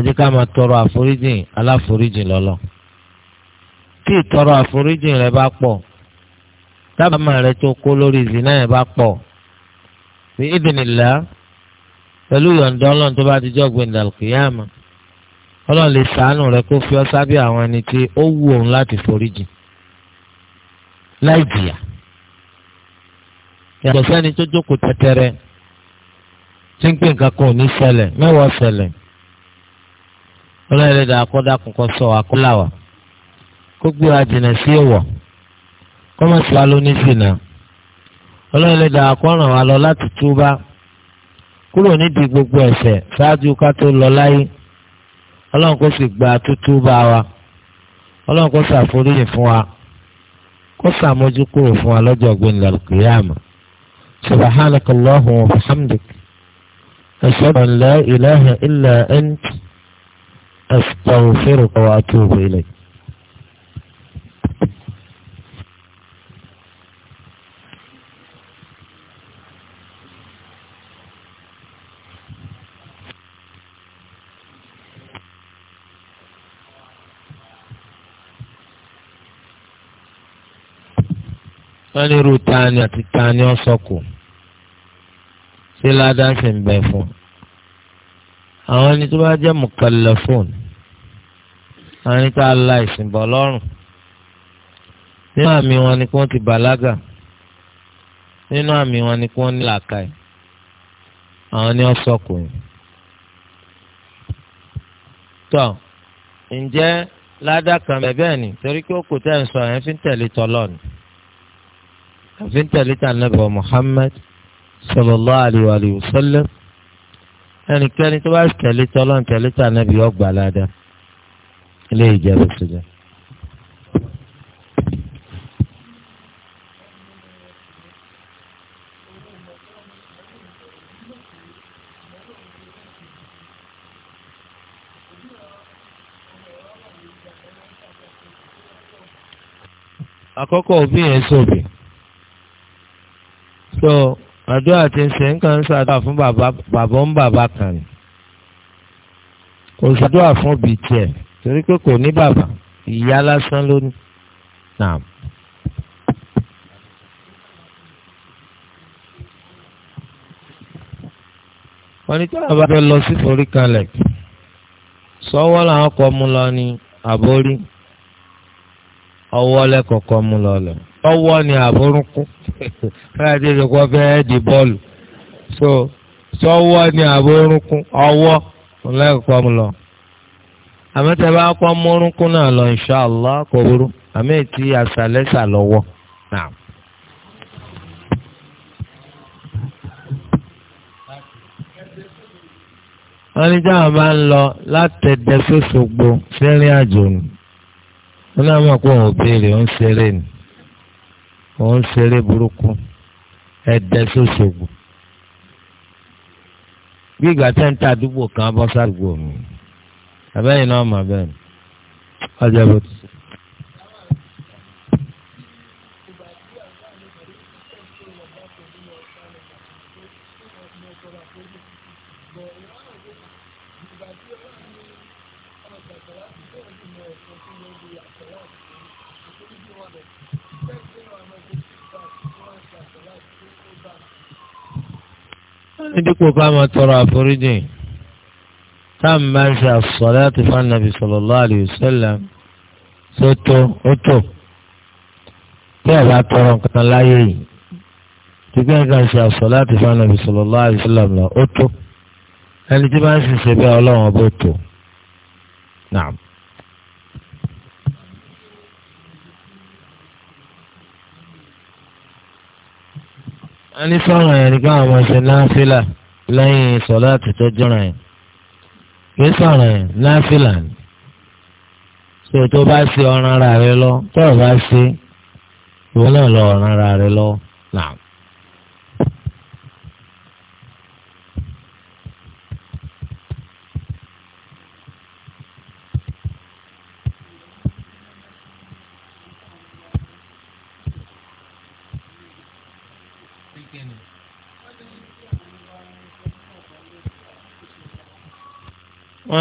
ẹ ká máa tọrọ àforíjìn aláforíjìn lọ́lọ́ọ́. tí ìtọrọ àforíjì rẹ bá pọ̀ tábàámà rẹ tó kó lórí ìzìnà yẹn bá pọ̀ bí ìdìnnìlá pẹ̀lú yọ̀ǹda ọlọ́run tó bá ti jọ́ lè sàánù rẹ kó fi ọ́ àwọn ẹni tí ó wù òun láti láì jìyà yàtọ̀ sẹ́ni tó jókòó tẹ́tẹ́rẹ́ tí ń pè nǹkan kan ò ní mẹ́wàá ọlọ́run kó gbé wa jìnnà sí ìwọ̀ kó má sì wá lóní sìnà ọlọ́run lè dàá kó ràn wá lọ láti túbá kúrò nídìí gbogbo ẹ̀ṣẹ̀ ṣáájú ká tó lọ láyé ọlọ́run kó sì gba tútúbá wa ọlọ́run kó ṣàforíyìn fún wa kó ṣàmójúkúrò fún wa lọ́jọ́ gbẹ̀ndà kìyàmù subhanakallahumma wa bihamdik ashhadu an la ilaha illa ant astaghfiruka wa atubu ilayk. wọ́n ní irú tani àti tani ọ̀sọ́kù ṣé ládàá sì ń bẹ fún àwọn ẹni tó bá jẹ́ mùkàllafun àwọn ẹni tó ala ìsìnbọ̀ lọ́rùn nínú àmì wọn ni kí wọ́n ti bàlágà nínú àmì wọn ni kí wọ́n ní làákàyè àwọn ni ọ̀sọ́kù yìí tọ́ ǹjẹ́ ládàá kan bẹ́ẹ̀ ni torí pé ó kò tẹ̀ ń sọ ẹ̀ ń tẹ̀lé tọ́lọ́ ni àfi ń tẹ̀lé tà nàbẹ̀ Muhammad sallallahu alayhi wa alihi wa sallam ẹnikẹ́ni tó bá tẹ̀lé tọ́lọ́ tẹ̀lé tà nàbẹ̀ ọgbà ládàá ilé ìjẹ́bù sílẹ̀. àkọ́kọ́ òbí yẹn sóbì so àdúrà ti ń ṣe nǹkan ń ṣàdúrà fún bàbá bàbá ń bàbá kan ni kò ṣàdúrà fún òbí tiẹ̀ torí pé kò ní bàbá ìyá lásán ló ní. Naam. wọ́n ní tọ́lá bá fẹ́ lọ sí foríkalẹ̀ sọ́wọ́ làwọn kọ́ mú lọ ní àbórí ọwọ́ lẹ́kọ̀ọ́ kọ́ mú lọ lẹ́nu. ọwọ́ ni àbórúnkún fẹ́ẹ́ ti sọ fẹ́ẹ́ di bọ́ọ̀lù so sọ́wọ́ ni ọwọ́ ọlẹ́kọ̀ọ́ lọ. náà lọ kò burú àmì lọ́wọ́ wọ́n ní ń lọ sẹ́rìn àjò nù. wọ́n náà mọ̀ pé òun ò béèrè òun ṣeré burúkú ẹ̀dẹ́ sọ́sọ́gbò bí ìgbà tẹ́ ń ta àdúgbò kan bọ́ sádùúgbò mi àbẹ́yìn náà mà bẹ́ẹ̀ ni ọjọ́ bó ti sọ. nídìpọ̀ ká máa tọrọ àforíjì táàmù máa ń ṣe àsàlátù fánàbì sallallahu alayhi wa sallam ṣe tó ó tó bí àbá tọrọ nǹkan láyé yìí tí gbẹ̀ngà ń ṣe àsàlátù fánàbì sallallahu alayhi wa sallam lọ ó tó ẹni tí bá ń ṣiṣẹ́ bẹ́ẹ̀ ọlọ́run ọbẹ̀ tó. a ní sọ̀rọ̀ yẹn nígbà àwọn ọ̀sẹ̀ náfìlà lẹ́yìn sọ̀lá àtijọ́ jọ̀rọ̀ yẹn kì í sọ̀rọ̀ yẹn náfìlà ni tó tó bá ṣe ọ̀ràn ara rẹ lọ tó o bá ṣe ìwọ náà lọ ọ̀ràn ara rẹ lọ náà.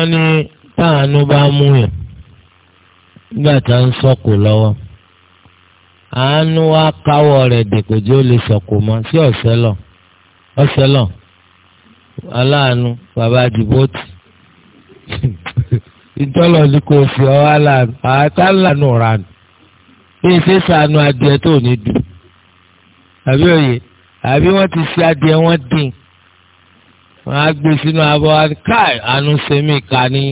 wọ́n ní táànù bá mú yàn nígbà tá à ń sọ̀kò lọ́wọ́ àánú wa káwọ́ rẹ̀ dèkò tí ó lè sọ̀kò mọ́ sí ọ̀sẹ̀ lọ ọ̀sẹ̀ lọ aláàánú bàbá dìbòtì ìtọ́lọ̀ ní kò fi ọ́ aláàánú àtàlánú rànù bí ṣe sànù adìẹ tó ní dùn àbí òye àbí wọ́n ti ṣe adìẹ wọ́n dín wọn á gbé sínú abọ́ káì àánú sẹ́mi ká ní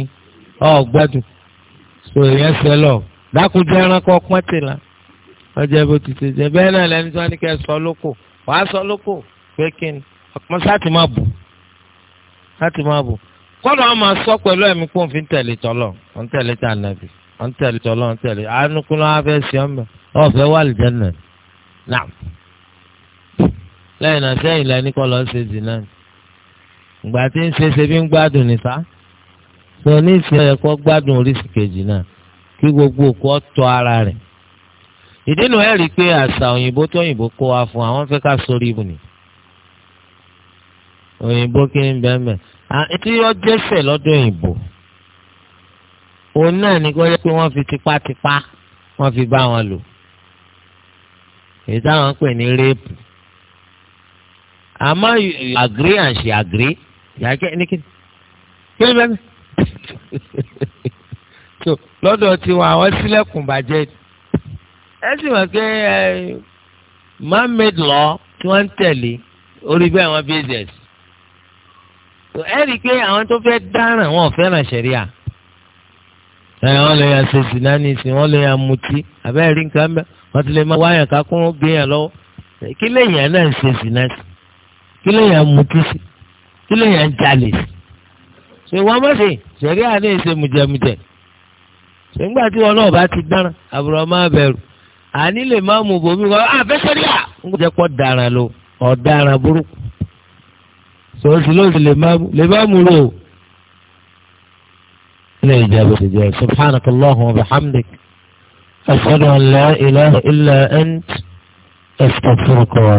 ọ̀gbẹ́dùn so èèyàn sẹ́lọ̀ dákúndé ẹranko pọ́ńtìlá ọjọ́ bó ti ṣe jẹ bẹ́ẹ̀ náà lẹ́ni tí wọ́n ní kẹ́ sọ lóko wàá sọ lóko pé kí ni ọ̀pọ̀ sáàtì máa bù sáàtì máa bù kọ́nà àwọn máa sọ pẹ̀lú ẹ̀mí pọ̀ fi ń tẹ̀lé tọ́lọ̀ ń tẹ̀lé tà nàbì ń tẹ̀lé tọ́lọ̀ ń tẹ̀lé àánúkúnlọ́ afẹ́ sọ́mọ ọ̀fẹ́ wà lìjẹ́ nà lẹ́yìn náà sẹ́yìn lẹ́ni kọ́ lọ́ọ́ ṣe dì náà ìgbà tí ń ṣe ṣe bí ń gbádùn nìta sọ ní ìsìn ẹ̀kọ́ gbádùn oríṣi kejì náà kí gbogbo òkú ọ̀tọ̀ ara rẹ̀ ìdí nu ẹ̀ rí i pé àṣà òyìnbó tó òyìnbó kó wa fún àwọn fẹ́ ká sórí ibù ni òyìnbó kí ń bẹ́ẹ̀ mẹ́ tí ó jẹ́sẹ̀ lọ́dọ̀ òyìnbó òun náà ní kó yẹ pé wọ́n fi tipátipá wọ́n fi bá wọn lò èyí táwọn ń pè ní réèpù àmọ́ you agree and agree yàrá kẹ́ ní kíni kí bẹ́ẹ̀ so lọ́dọ̀ tiwọn àwọn sílẹ̀kùn bàjẹ́ ẹ sì mọ̀ pé man law tí wọ́n ń tẹ̀lé orí bẹ́ẹ̀ wọ́n business so ẹ rí i pé àwọn tó fẹ́ dáràn wọn fẹ́ràn ṣẹ̀ríà wọ́n lè ya ṣèṣì náà ní wọ́n lè ya mutí àbẹ́ rí nǹkan mẹ́ wọ́n ti lè máa wáyàn ká kún gbéyàn lọ́wọ́ kí lèèyàn náà ṣèṣì náà sí kí lèèyàn mutí sí kí ló yàn ń jalè ṣe wọ́n má ṣe ṣẹ̀rí àná ìṣe mùjẹ̀mùjẹ̀ ṣe ńgbà tí wọn náà bá ti dáná àbúrò máa bẹ̀rù àní lè má mú bomi wọn àfẹsẹ̀rí ah, à ń jẹ́ pọ̀ dáràn lo ọ̀daràn burúkú sọ̀rọ̀sì ló sì lè má mú lò ilé ìjẹ́bù ti jẹ́ subhanakallahumma wa bihamdik ashhadu an la ilaha illa ant astaghfiruka wa